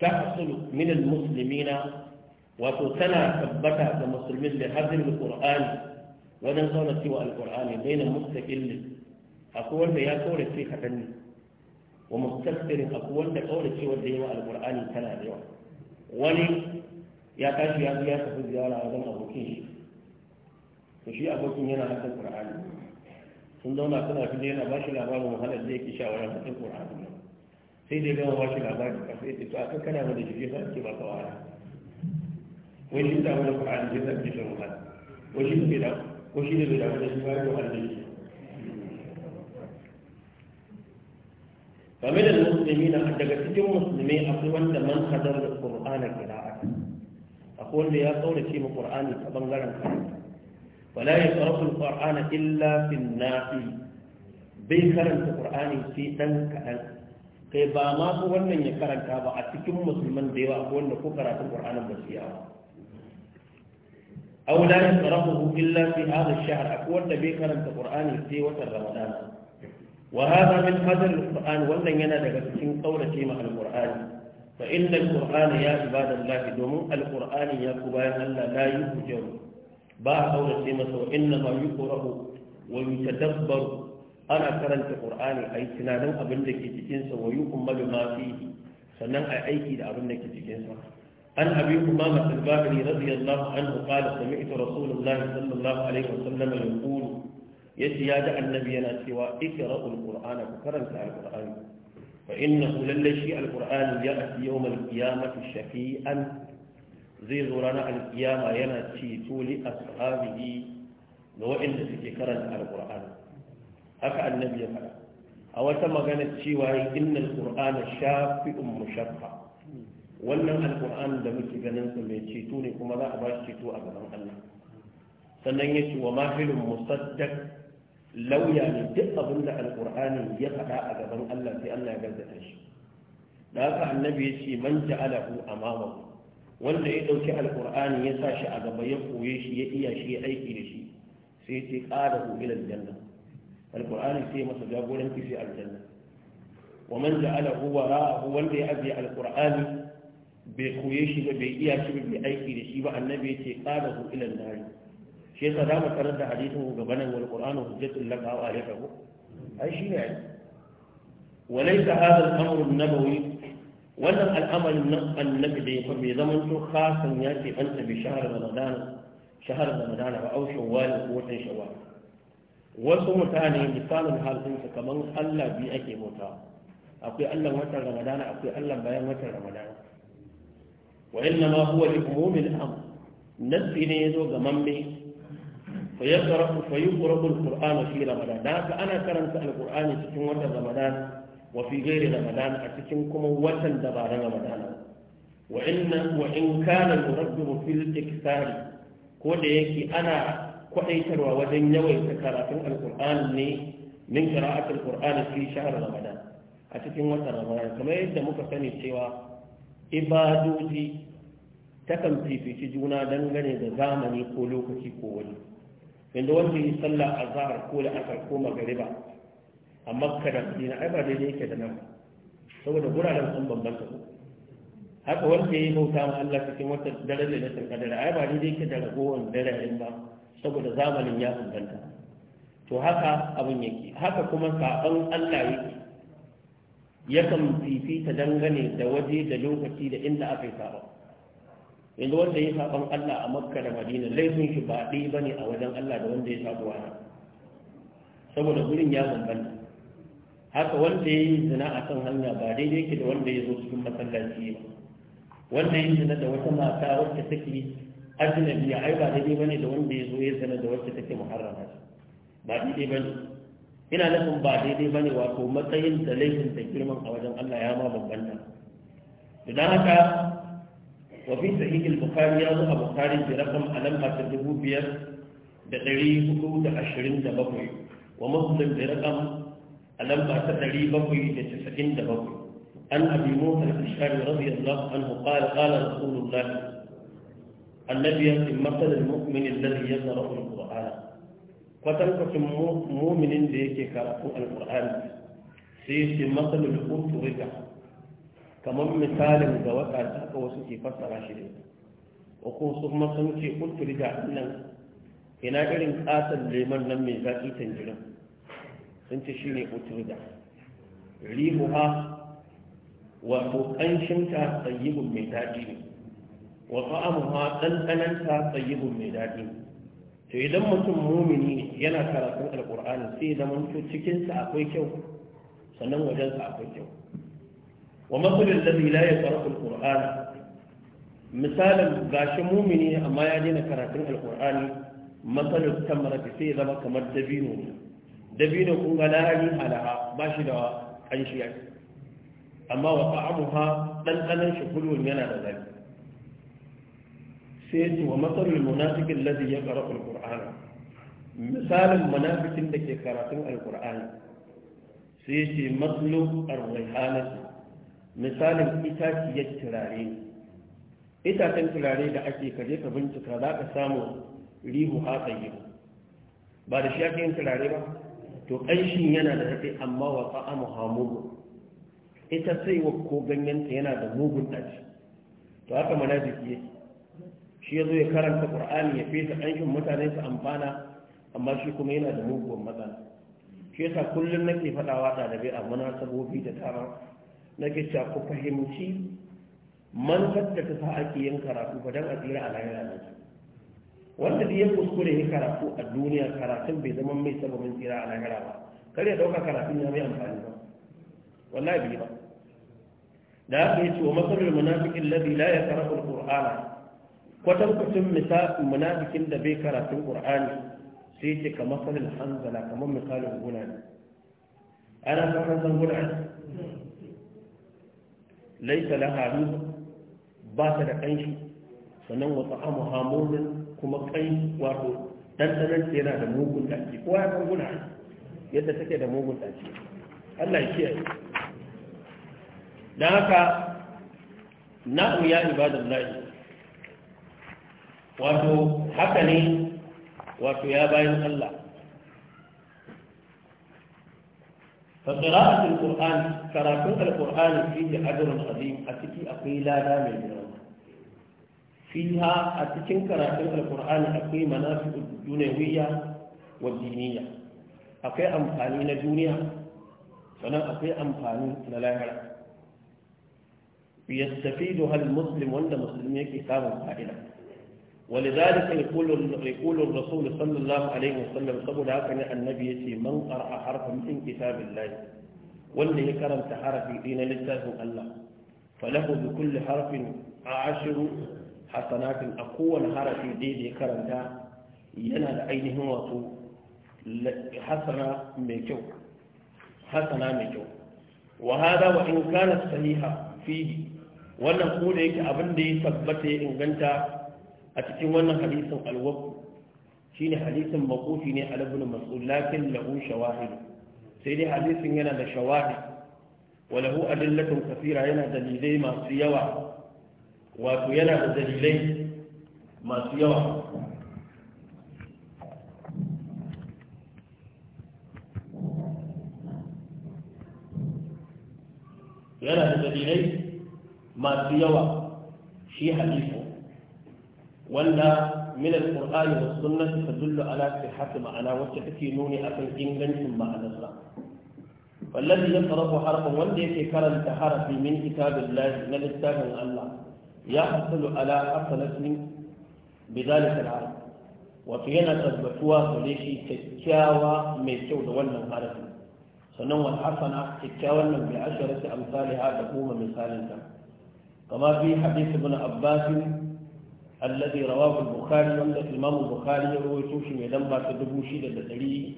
tahsul min almuslimina wato tana tabbata ga musulmin da hadin alqur'ani wajen kauracewa alqur'ani bainal mustaqillin akwai wanda ya kaurace kaɗan ne wa mustakbirin akwai wanda kaurace wanda yawa alqur'ani tana da yawa wani ya tashi ya ya tafi ziyara wajen abokin shi to shi abokin yana hakan ƙur'ani sun zauna suna fili yana ba shi labarin wahalar da yake sha wajen hakan ƙur'ani sai dai gama ba shi labarin ka sai to akan kana da shi sai ake baka wahala wai shi da wani ƙur'ani sai ake shan wahala wai shi da ko shi da bai da wani shi ba da wahala game da musulmi na daga cikin musulmi akwai wanda man kadar da qur'ana qira'ata akwai wanda ya kaurace mu qur'ani ta bangaren karanta. wala yaqra'u al-qur'ana illa fi nafi bai karanta qur'ani sai ɗan kaɗan. kai ba ma su wannan ya karanta ba a cikin musulman da yawa akwai wanda ko karatu qur'anin ba su yawa aw la yaqra'uhu illa fi hadha ash-shahr akwai wanda bai karanta qur'ani sai watan Ramadan. wa hada min hadar wannan yana daga cikin kaurace ma al-qur'an fa inna al-qur'ana ya ibadallah domin al-qur'ani ya kuba bayan Allah la yujur ba kaurace masa wa inna ma yuqra'u wa yutadabbaru ana karanta qur'ani ai tunanin abin da ke cikin sa wa yuqmalu ma fihi sannan ai aiki da abin da ke cikin sa an abi umama al-bahri radiyallahu anhu qala sami'tu rasulullahi sallallahu alaihi wasallam yaqulu yace ya ji annabi yana cewa ikra'ul qur'ana ku karanta alqur'ani fa innahu lallashi alqur'ani ya'ti yawm alqiyamati shafi'an zai zo ranar alkiyama yana ceto a ashabihi ga waɗanda suke karanta alqur'ani haka annabi ya faɗa a wata magana cewa innal qur'ana shafi'un mushaffa wannan alkur'an da muke ganin su mai ceto ne kuma za a ba shi ceto a gaban Allah sannan ya ce wa mahilun musaddaq lauya ne duk abin da alƙur'ani ya faɗa a gaban Allah sai Allah ya gazzata shi da haka annabi ya ce man ja'alahu amamahu wanda ya ɗauki alƙur'ani ya sa shi a gaba ya koye shi ya iya shi ya aiki da shi sai ya ƙara hu ilal janna alƙur'ani sai masa jagoranci sai aljanna wa man ja'alahu wara'ahu wanda ya ajiye alƙur'ani bai koye shi ba bai iya shi ba bai aiki da shi ba annabi ya ce ƙara hu ilal nari shi yasa za mu karar da hadisin gabanin wal qur'anu hujjatul laka wa alayka ko ai shi ne wa laysa hadha al amru an nabawi wannan al'amarin nan annabi da yafa bai zaman to khasan ya ce an tabi shahar ramadan shahar ramadan ba au shawwal ko watan shawwal wasu mutane misalin halin su kamar Allah bi ake mota akwai Allah watan ramadan akwai Allah bayan watan ramadan wa inna ma huwa li umumil amr nasi ne yazo ga mamme fa yaqra'u fa fi ramadan da haka ana karanta al-qur'ani cikin watan ramadan wa fi ghairi ramadan a cikin kuma watan da ba ramadan wa inna wa in kana murabbu fil iktari ko da yake ana kwaitarwa wajen yawaita karatun alkur'ani ne min qira'at alkur'ani fi shahr ramadan a cikin watan ramadan kamar yadda muka sani cewa ibadoji takan fifici juna dangane da zamani ko lokaci ko wani yanzu wanda yi sallah a zahar ko da asar ko magariba a makka da madina ai ba daidai yake da nan saboda guraren sun bambanta ko haka wanda yi bauta ma Allah cikin wata dare da na sarkadar ai ba daidai yake da ragowar daren ba saboda zamanin ya bambanta to haka abin yake haka kuma saban Allah yake yakan fifita dangane da waje da lokaci da inda aka yi saban yanzu wanda ya saban Allah a makka da madina laifin shi ba ɗaya ba ne a wajen Allah da wanda ya sabuwa na saboda gurin ya bambanta haka wanda ya yi zina a kan hanya ba daidai ke da wanda ya zo cikin masallaci ba wanda ya zina da wata mata wacce take ajnabiya ai ba daidai ne da wanda ya zo ya zina da wacce take muharrama ba daidai ne ina nufin ba daidai ba ne wato matsayin da laifin da girman a wajen Allah ya ma bambanta idan haka wafi ta hikil bukari ya zuwa bukari a nan mata dubu biyar da ɗari hukuru da ashirin da bakwai wa muslim da rakam a nan mata bakwai da tasa'in da bakwai an abi mota da shari'a rabi allah an hukari ala rasulun lafi annabi ya fi matsalar mu'minin da ya zara alƙur'ana kwatankwacin mu'minin da yake karatu alƙur'ana sai ya fi matsalar hukuru ta kamar misalin ga wata da haka wasu ke fassara shi ne uku su kuma sun ce kulturi da nan ina irin kasar leman nan mai zaƙi tanjirin sun ce shi ne kulturi da rihuha wato ƙanshinta tsayibin mai daɗi ne wato amuha ta tsayibin mai daɗi ne to idan mutum mumini yana karatun alƙur'ani sai zama cikinsa akwai kyau sannan wajensa akwai kyau wa matsalin da ya tsarafin ƙur'ani misalin gashi mumini amma ya daina karatun alƙur'ani matsalin tamara ta sai zama kamar dabino ne dabino kun ga lahari halaha ba shi da ƙanshi amma wa ta'amuha ɗanɗanan shi kulun yana da zafi sai ce wa matsalin ya misalin munafikin da ke karatun alƙur'ani sai ce matsalin misalin itaciyar turare itacen turare da ake kaje ka bincika za ka samu rihu hatsayi ba da shi ake yin turare ba to ƙanshin yana da daɗe amma wa ta'amu hamugu ita sai wa ko ganyenta yana da mugun ɗaci to haka manaziki yake shi ya zo ya karanta ƙur'ani ya fesa ƙanshin mutane su amfana amma shi kuma yana da mugun matsala shi yasa kullum nake faɗawa ɗalibai a munasabobi da taron nake cewa ku fahimci manufar da ta sa ake yin karatu ba don a tsira a lahira ne wanda da ya kuskure yin karatu a duniya karatun bai zama mai sababin tsira a lahira ba kar ya dauka karatun ya mai amfani ba wallahi bai ba da aka yi cewa matsalar munafikin ladhi la ya karatu alqur'ana kwatan kwatan misal munafikin da bai karatun qur'ani sai ce ka masalin hanzala kamar misalin gunani ana san hanzan guna laisa laha ba ta da kanshi sannan wa ta'amu hamurin kuma kai wato dandanan yana da mugun daci kowa ya guna yadda take da mugun daci Allah ya kiyaye dan haka na'am ya ibadallahi wato haka ne wato ya bayan Allah فقراءة القرآن قراءة القرآن فيه أجر عظيم أتكي أقيل لا من يوم فيها أتكين قراءة القرآن أقوي منافع الدنيوية والدينية أقوي أمفاني الدنيا فنا أقوي أمفاني للاهرة يستفيدها المسلم وأن مسلم يكي فائدة ولذلك يقول يقول الرسول صلى الله عليه وسلم saboda haka ne annabi yace man qara'a harfan min kitabillahi wanda ya karanta harafi din littafin Allah falahu bi kulli harfin ashru hasanatin a kowane harafi dai da ya karanta yana da ainihin wato hasana mai kyau hasana wa hada wa in kana sahiha yake abin da ya tabbata ya inganta a cikin wannan hadisin shi shine hadisin makofi ne a ibn mas'ud lakin lahu shawahid sai dai hadisin yana da shawahid wa lahu adillatun kathira yana dalilai masu yawa wato yana da dalilai masu yawa yana da dalilai masu yawa shi hadisin wanda min alqur'ani was sunnati tadullu ala sihhat ma'ana wacce take nuni akan ingancin ma'anar sa ya yaqra'u harfan wanda yake karanta harfi min kitabillahi na littafin Allah ya hasalu ala asalatin bidalik alharf wato yana tabbatuwa ga ne kyakkyawa mai kyau da wannan harafin sannan wal hasana kyakkyawan nan bi asharati amsalha da kuma misalin ta kama bi hadisi ibn abbasin الذي رواه البخاري وان الإمام البخاري رويته في لما تدبو شيدا لدري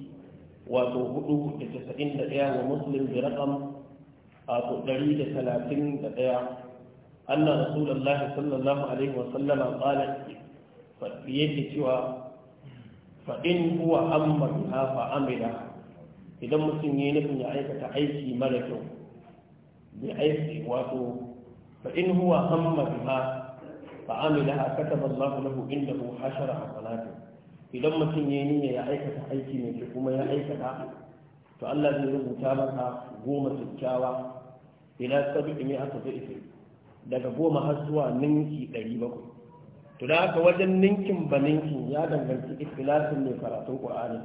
وتوهدو لتسعين دقيقة ومسلم برقم دري لثلاثين دقيقة أن رسول الله صلى الله عليه وسلم قال فبيد سوى فإن هو أمر بها فعمل إذا مسلم ينفع يعيك تعيشي ملكه بعيسي واتو فإن هو أمر بها fa'amilaha kataba Allah lahu indahu hashara hasanatin idan mutum ya niyya ya aikata aiki ne ke kuma ya aikata to Allah zai rubuta maka goma kyakkyawa ila sab'i mi aka zai daga goma har zuwa ninki ɗari bakwai to da haka wajen ninkin ba ninkin ya danganci ikhlasin ne karatun qur'ani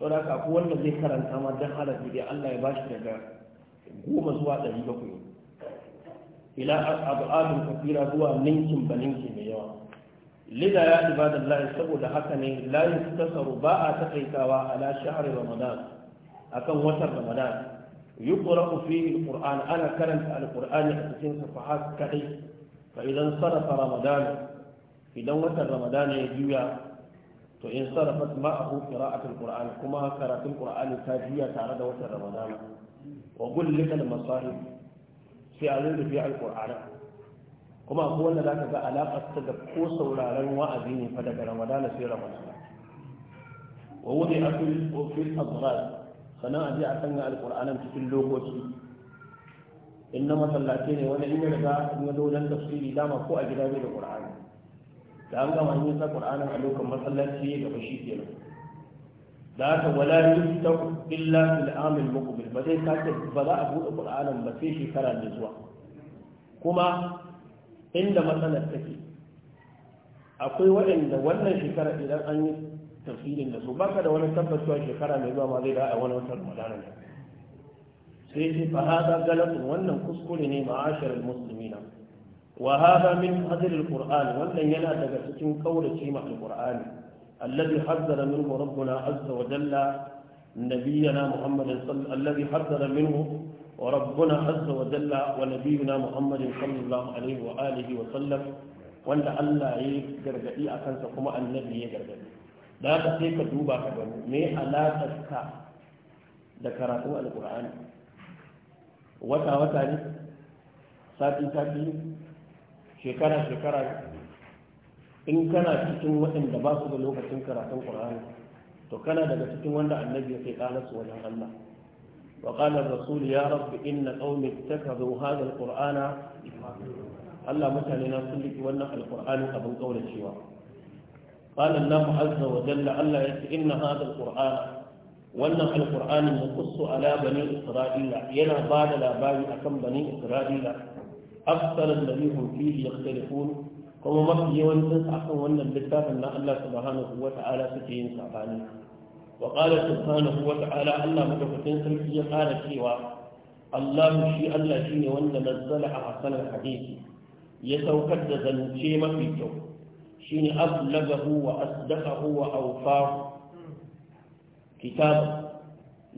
to da haka ko wanda zai karanta ma don harafi dai Allah ya bashi daga goma zuwa ɗari bakwai ila abu'adun kafira zuwa ninkin ba mai yawa lida ya layi saboda haka ne la yustasaru ba a takaitawa ala shahri ramadan akan watan ramadan yuqra'u Al-ƙur'an ana karanta alqur'ani a cikin safahat kadai fa idan sarrafa ramadan idan watan ramadan ya juya to in sarafat ma'ahu qira'atul ƙur'ani kuma karatun ƙur'ani ta juya tare da watan ramadan wa gullika al masahib sai a alƙur'anin kuma akwai wanda za ka ga alaƙar ta da ko sauraron wa'azi ne fa daga ramadana sai ramadana wa wuri a fil azrar sannan a je a sanya alƙur'anin cikin lokaci in na masallaci ne wani in ya riga in ya dodon tafsiri dama ko a gida bai da ƙur'ani da an gama in yi sa ƙur'anin a lokacin masallaci ya gaba shi kenan da haka wala yustaku illa fil amil muqbil ba zai kace ba za a buɗe qur'anin ba sai shekara mai zuwa kuma inda matsalar take akwai waɗanda wannan shekara idan an yi tafsirin da su baka da wani tabbacewa shekara mai zuwa ma zai da a wani watan ramadana ne sai sai fa hada galatun wannan kuskure ne ma'ashar muslimina wa hada min hadar alquran wannan yana daga cikin kaurace ma alqur'ani الذي حذر A ربنا عز وجل نبينا محمد صلى الذي حذر منه ربنا عز وجل ونبينا محمد صلى الله عليه واله وسلم wanda Allah ya gargaɗi a kansa kuma annabi ya gargadi. da ka sai ka duba ka gani me alaƙarka da karatu alƙur'ani wata wata ne sati sati shekara shekara in kana cikin waɗanda ba su da lokacin karatun ƙur'ani to kana daga cikin wanda annabi ya kai ƙalarsu wajen Allah wa qala rasul ya rabbi inna qaumi ittakhadhu hadha alqur'ana Allah mutane na sun liki wannan alqur'ani abin kauracewa qala Allah azza wa jalla Allah yace inna hadha alqur'ana wannan alqur'ani yaqussu ala bani isra'ila yana da labari akan banin isra'ila أكثر الذي هم فيه يختلفون kuma mafi yawancin akan wannan littafin na Allah subhanahu wa ta'ala suke yin sabani wa qala subhanahu wa ta'ala Allah madaukakin sarki ya fara cewa Allah shi Allah shine wanda nazzala a hasanar hadisi ya saukar da zance mafi kyau shine ablagahu wa asdaqahu wa awfahu kitab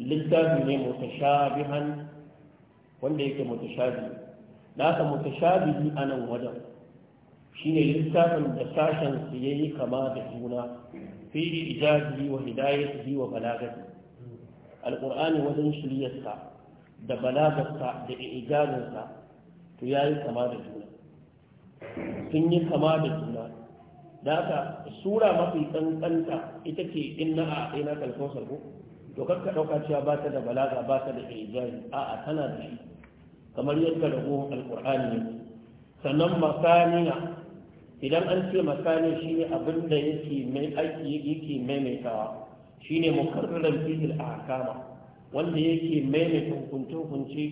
littafi ne mutashabihan wanda yake mutashabi da aka mutashabihi anan wajen Shi ne littafin da sashen su yi kama da juna fi ijazi wa hidayatihi wa balagati alqur'ani wajen shiryarsa da balagarsa da ijazinsa to yi kama da juna sun yi kama da juna da haka sura mafi tsantsanta ita ce inna a ina kalkausar sarko? to kakka ɗauka cewa ba ta da balaga ba ta da ijazi a'a tana da shi kamar yadda ragowar alkur'ani ne sannan masaniya idan an ce makani ne abin da yake mai aiki yake maimaitawa shine mukarraran fihil hakama wanda yake maimaita hukunce hukunce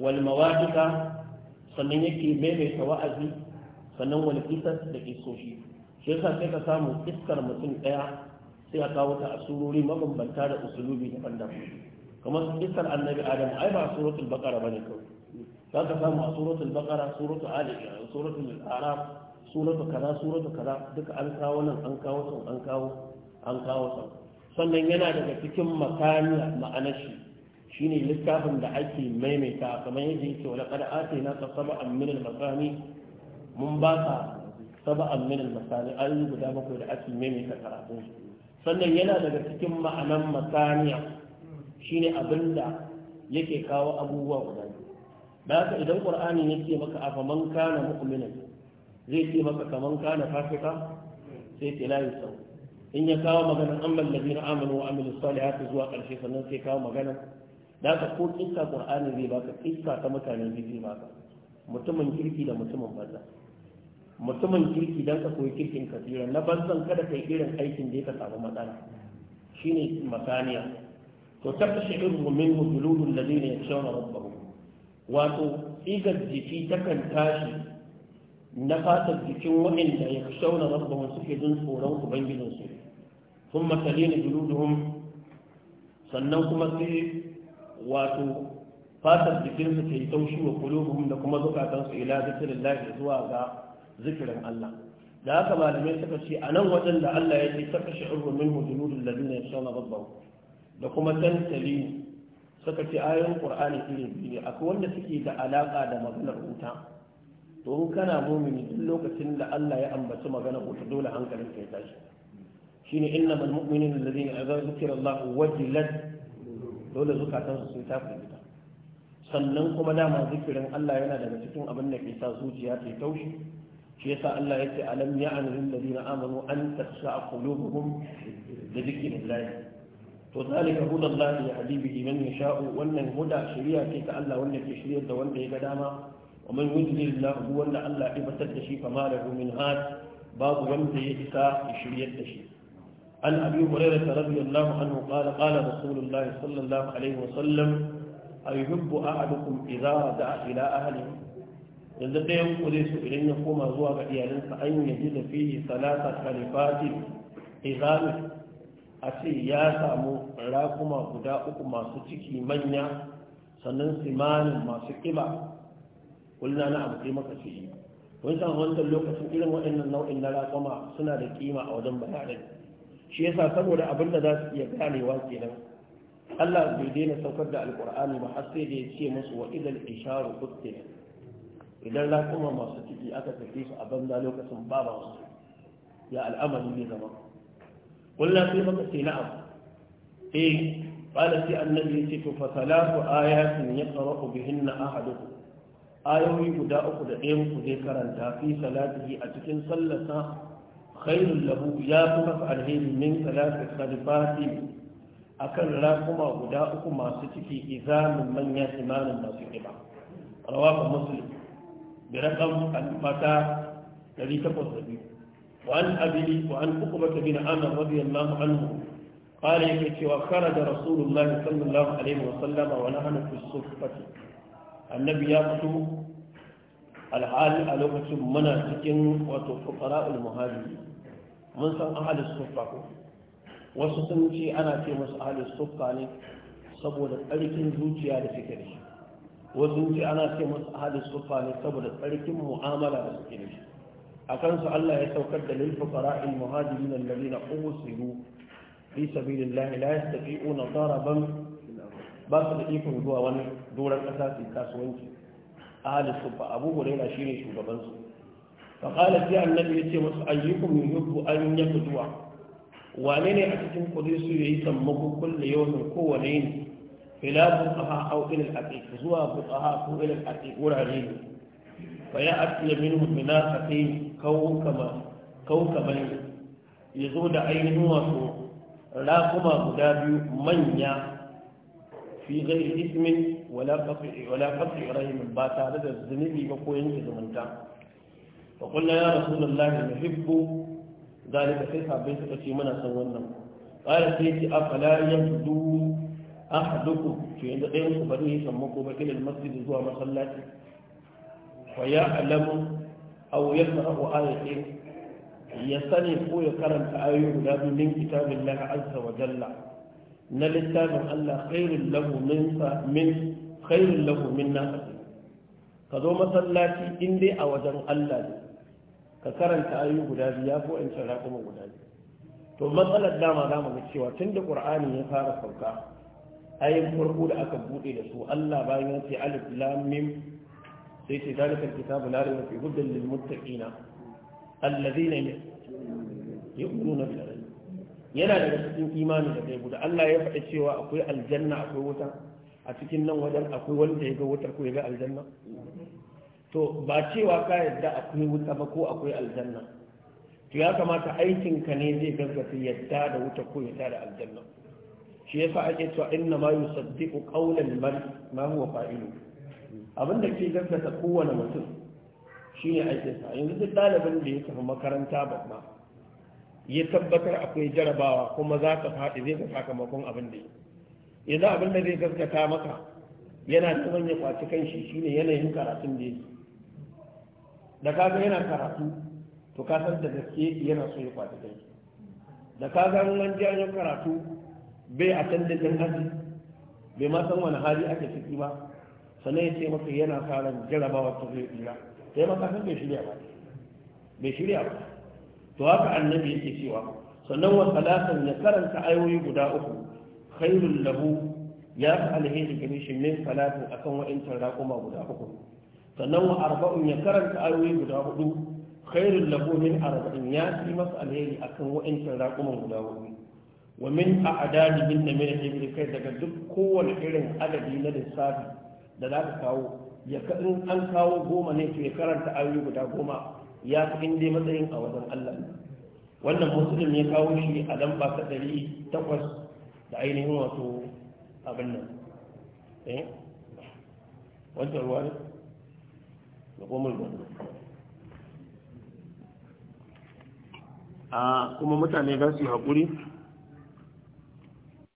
wal mawadika sannan yake maimaita wa'azi sannan wal qisas da kisoshi shi yasa sai ka samu iskar mutum ɗaya sai a kawo ta asurori mabambanta da usulubi daban-daban kamar iskar annabi adam ai ba suratul baqara bane kawai za ka samu a suratul baqara suratul ali suratul araf suratu kaza suratu kaza duka an kawo nan an kawo san, an kawo an kawo san. sannan yana daga cikin makani ma'anar shi shine littafin da ake maimaita kamar yadda yake wala qad atina ka saba min al-masani mun ba ka saba min al-masani yi guda bakwai da ake maimaita karatu sannan yana daga cikin ma'anar masaniya shine abinda yake kawo abubuwa guda biyu. da haka idan qur'ani yake maka afaman kana mu'minin zai ce maka kaman kana fasika sai ce la sau. in ya kawo an mallabi na amanu wa amilus salihati zuwa ƙarshe sannan sai kawo maganar da ka ko iska qur'ani zai baka iska ta mutanen zai baka mutumin kirki da mutumin banza mutumin kirki don ka koyi kirkin kasira na banzan kada kai irin aikin da ka samu matsala shine masaniya to da zai ne ya yakshawna rabbahum wato igar jiki takan tashi na fatar jikin waɗanda ya shauna rabbahun suke jin tsoron ubangijinsu sun matale na jiruduhun sannan kuma sai wato fatar jikinsu ta yi taushi wa kulubuhun da kuma zukatansu ila zikirin lafi zuwa ga zikirin Allah da haka malamai suka ce a nan wajen da Allah ya ce saka shi'urru min hujuludun ladina ya shauna rabbahu da kuma tantali suka ce ayoyin qur'ani iri biyu ne akwai wanda suke da alaƙa da maganar wuta domin kana mumini duk lokacin da Allah ya ambaci magana ko ta dole hankalin ka ya tashi shine innamal mu'minuna alladhina idza zukira Allah wajilat dole zukatan su ta fita sannan kuma dama zikirin Allah yana daga cikin abin da ke sa zuciya ta taushi shi yasa Allah ya ce alam ya'ani lil amanu an tasha'a qulubuhum li dhikrillah to zalika hudallahi ya habibi man yasha'u wannan huda shari'a ce ta Allah wanda ke shiryar da wanda ya ga dama ومن يضلل الله هو ان الله يبتر دشي فما له من هاد باب ومتى يسا يشريت دشي عن ابي هريره رضي الله عنه قال قال رسول الله صلى الله عليه وسلم ايحب احدكم اذا دعا الى اهله yanzu ɗayan ku zai so idan ya koma zuwa ga iyalinsa an yi ji da fiye salata kalifati izami a ce ya samu rakuma guda uku masu ciki manya sannan simanin masu ƙiba قلنا نعم قيمة شيء وإن كان هناك اللوكة إلا وإن النوع إن لا طمع سنة لقيمة أو دم بيعلن شيء ساسم ولا أبن ذات يبعني واسينا ألا بيدينا سوكد القرآن محسي دي شيء مصوى إذا الإشار قدتنا إذا لا طمع ما ستجي أتا تكيس أبن ذلوكة بابا يا الأمل اللي ذمه قلنا في مقصي نعم إيه قالت أن الذي فثلاث آيات يقرأ بهن أحدكم ayoyi guda uku da ɗaya ku zai karanta fi salatihi a cikin sallasa khairul lahu ya fi masa alheri min salati salifati akan rakuma guda uku masu ciki izamin manya imanin masu rawa rawafa muslim bi raqam al-mata 802 wa an abi wa an uqba bin amr radiyallahu anhu قال يكي وخرج رسول الله صلى الله عليه وسلم ونحن في الصفة annabi ya fito alhali a lokacin muna cikin wato fuqara'ul muhajiri mun san ahalus suffa ko wasu sun ce ana ce masu ahalus suffa ne saboda tsarkin zuciya da suke da shi wasu sun ce ana ce masu ahalus suffa ne saboda tsarkin mu'amala da suke da shi a kansu Allah ya saukar da lil fuqara'il muhajirin alladhina qusiru fi sabilillahi la yastati'una daraban ba su da ikon zuwa wani doron ƙasa su kasuwanci ahalin su ba abu huraira shi ne shugabansu fa qala sai annabi yace musu ayyukum yuhibbu an zuwa. wane ne a cikin su ya kudisu yayi sammako kullu yawmin kowane yini ila buqaha aw ila al-aqiq zuwa buqaha ko ila al-aqiq wurare fa ya atla minhu munafiqin kawkama Ya zo da ainihin wato raƙuma guda biyu manya fi ghairi ismin wala qati wala qati rahim ba tare da zunubi ba ko yanke zumunta fa qulna ya rasulullahi nuhibbu zalika sai sabbin suka ce muna son wannan qala sai ki afala yabdu ahadukum to yanzu ɗayan ku bari ya samu ba ilal masjid zuwa masallaci fa ya alamu aw yaqra'u ayatin ya sani ko ya karanta ayoyi guda biyu min kitabillahi azza wa jalla na littafin Allah khairul lahu min min khairul lahu min nafsi ka zo masallaci in dai a wajen Allah ne ka karanta ayu guda biyu ya ko in tsara kuma guda biyu to matsalar dama dama ga cewa tun da Qur'ani ya fara sauka ayin farko da aka bude da su Allah bayan ya ce alif lam mim sai ce zalika alkitabu la rayba fihi hudan lil muttaqina alladhina yu'minuna bil yana daga cikin imani da kai guda Allah ya faɗi cewa akwai aljanna akwai wuta a cikin nan wajen akwai wanda ya ga wutar ko ya ga aljanna to ba cewa ka yadda akwai wuta ba ko akwai aljanna to ya kamata aikin ka ne zai gaggata yadda da wuta ko yadda da aljanna shi yasa ake cewa inna ma yusaddiqu qawlan man ma huwa fa'ilu abin da ke gaggata kowane mutum shine aikinsa yanzu duk ɗalibin da ya tafi makaranta babba ya tabbatar akwai jarabawa kuma za ka faɗi zai ga sakamakon abin da yanzu abin da zai gaskata maka yana da ya kwaci kan shi shine yanayin karatun da yake da ga yana karatu to ka san da gaske yana so ya kwaci kan shi da kaga an ji an karatu bai a can da ɗan aji bai ma san wani hali ake ciki ba sannan ya ce maka yana sa ran jarabawa ta zai tsira sai maka san bai shirya ba bai shirya ba to haka annabi yake cewa sannan wa salatan ya karanta ayoyi guda uku khairul lahu ya fi alheri gani shi min salatin akan wa'incan raƙuma guda uku sannan wa arba'un ya karanta ayoyi guda hudu khairul lahu min arba'in ya fi masa alheri akan wa'incan raƙuman guda hudu wa min a'dadi min min ibri kai daga duk kowane irin adadi na lissafi da za ka kawo ya in an kawo goma ne to ya karanta ayoyi guda goma ya fi inda matsayin a wajen Allah wannan musulun ya kawo shi a lamba ta ɗari takwas da ainihin wato abin nan eh wancan ruwa ne da komar gwamnati a ah, kuma mutane za su yi haƙuri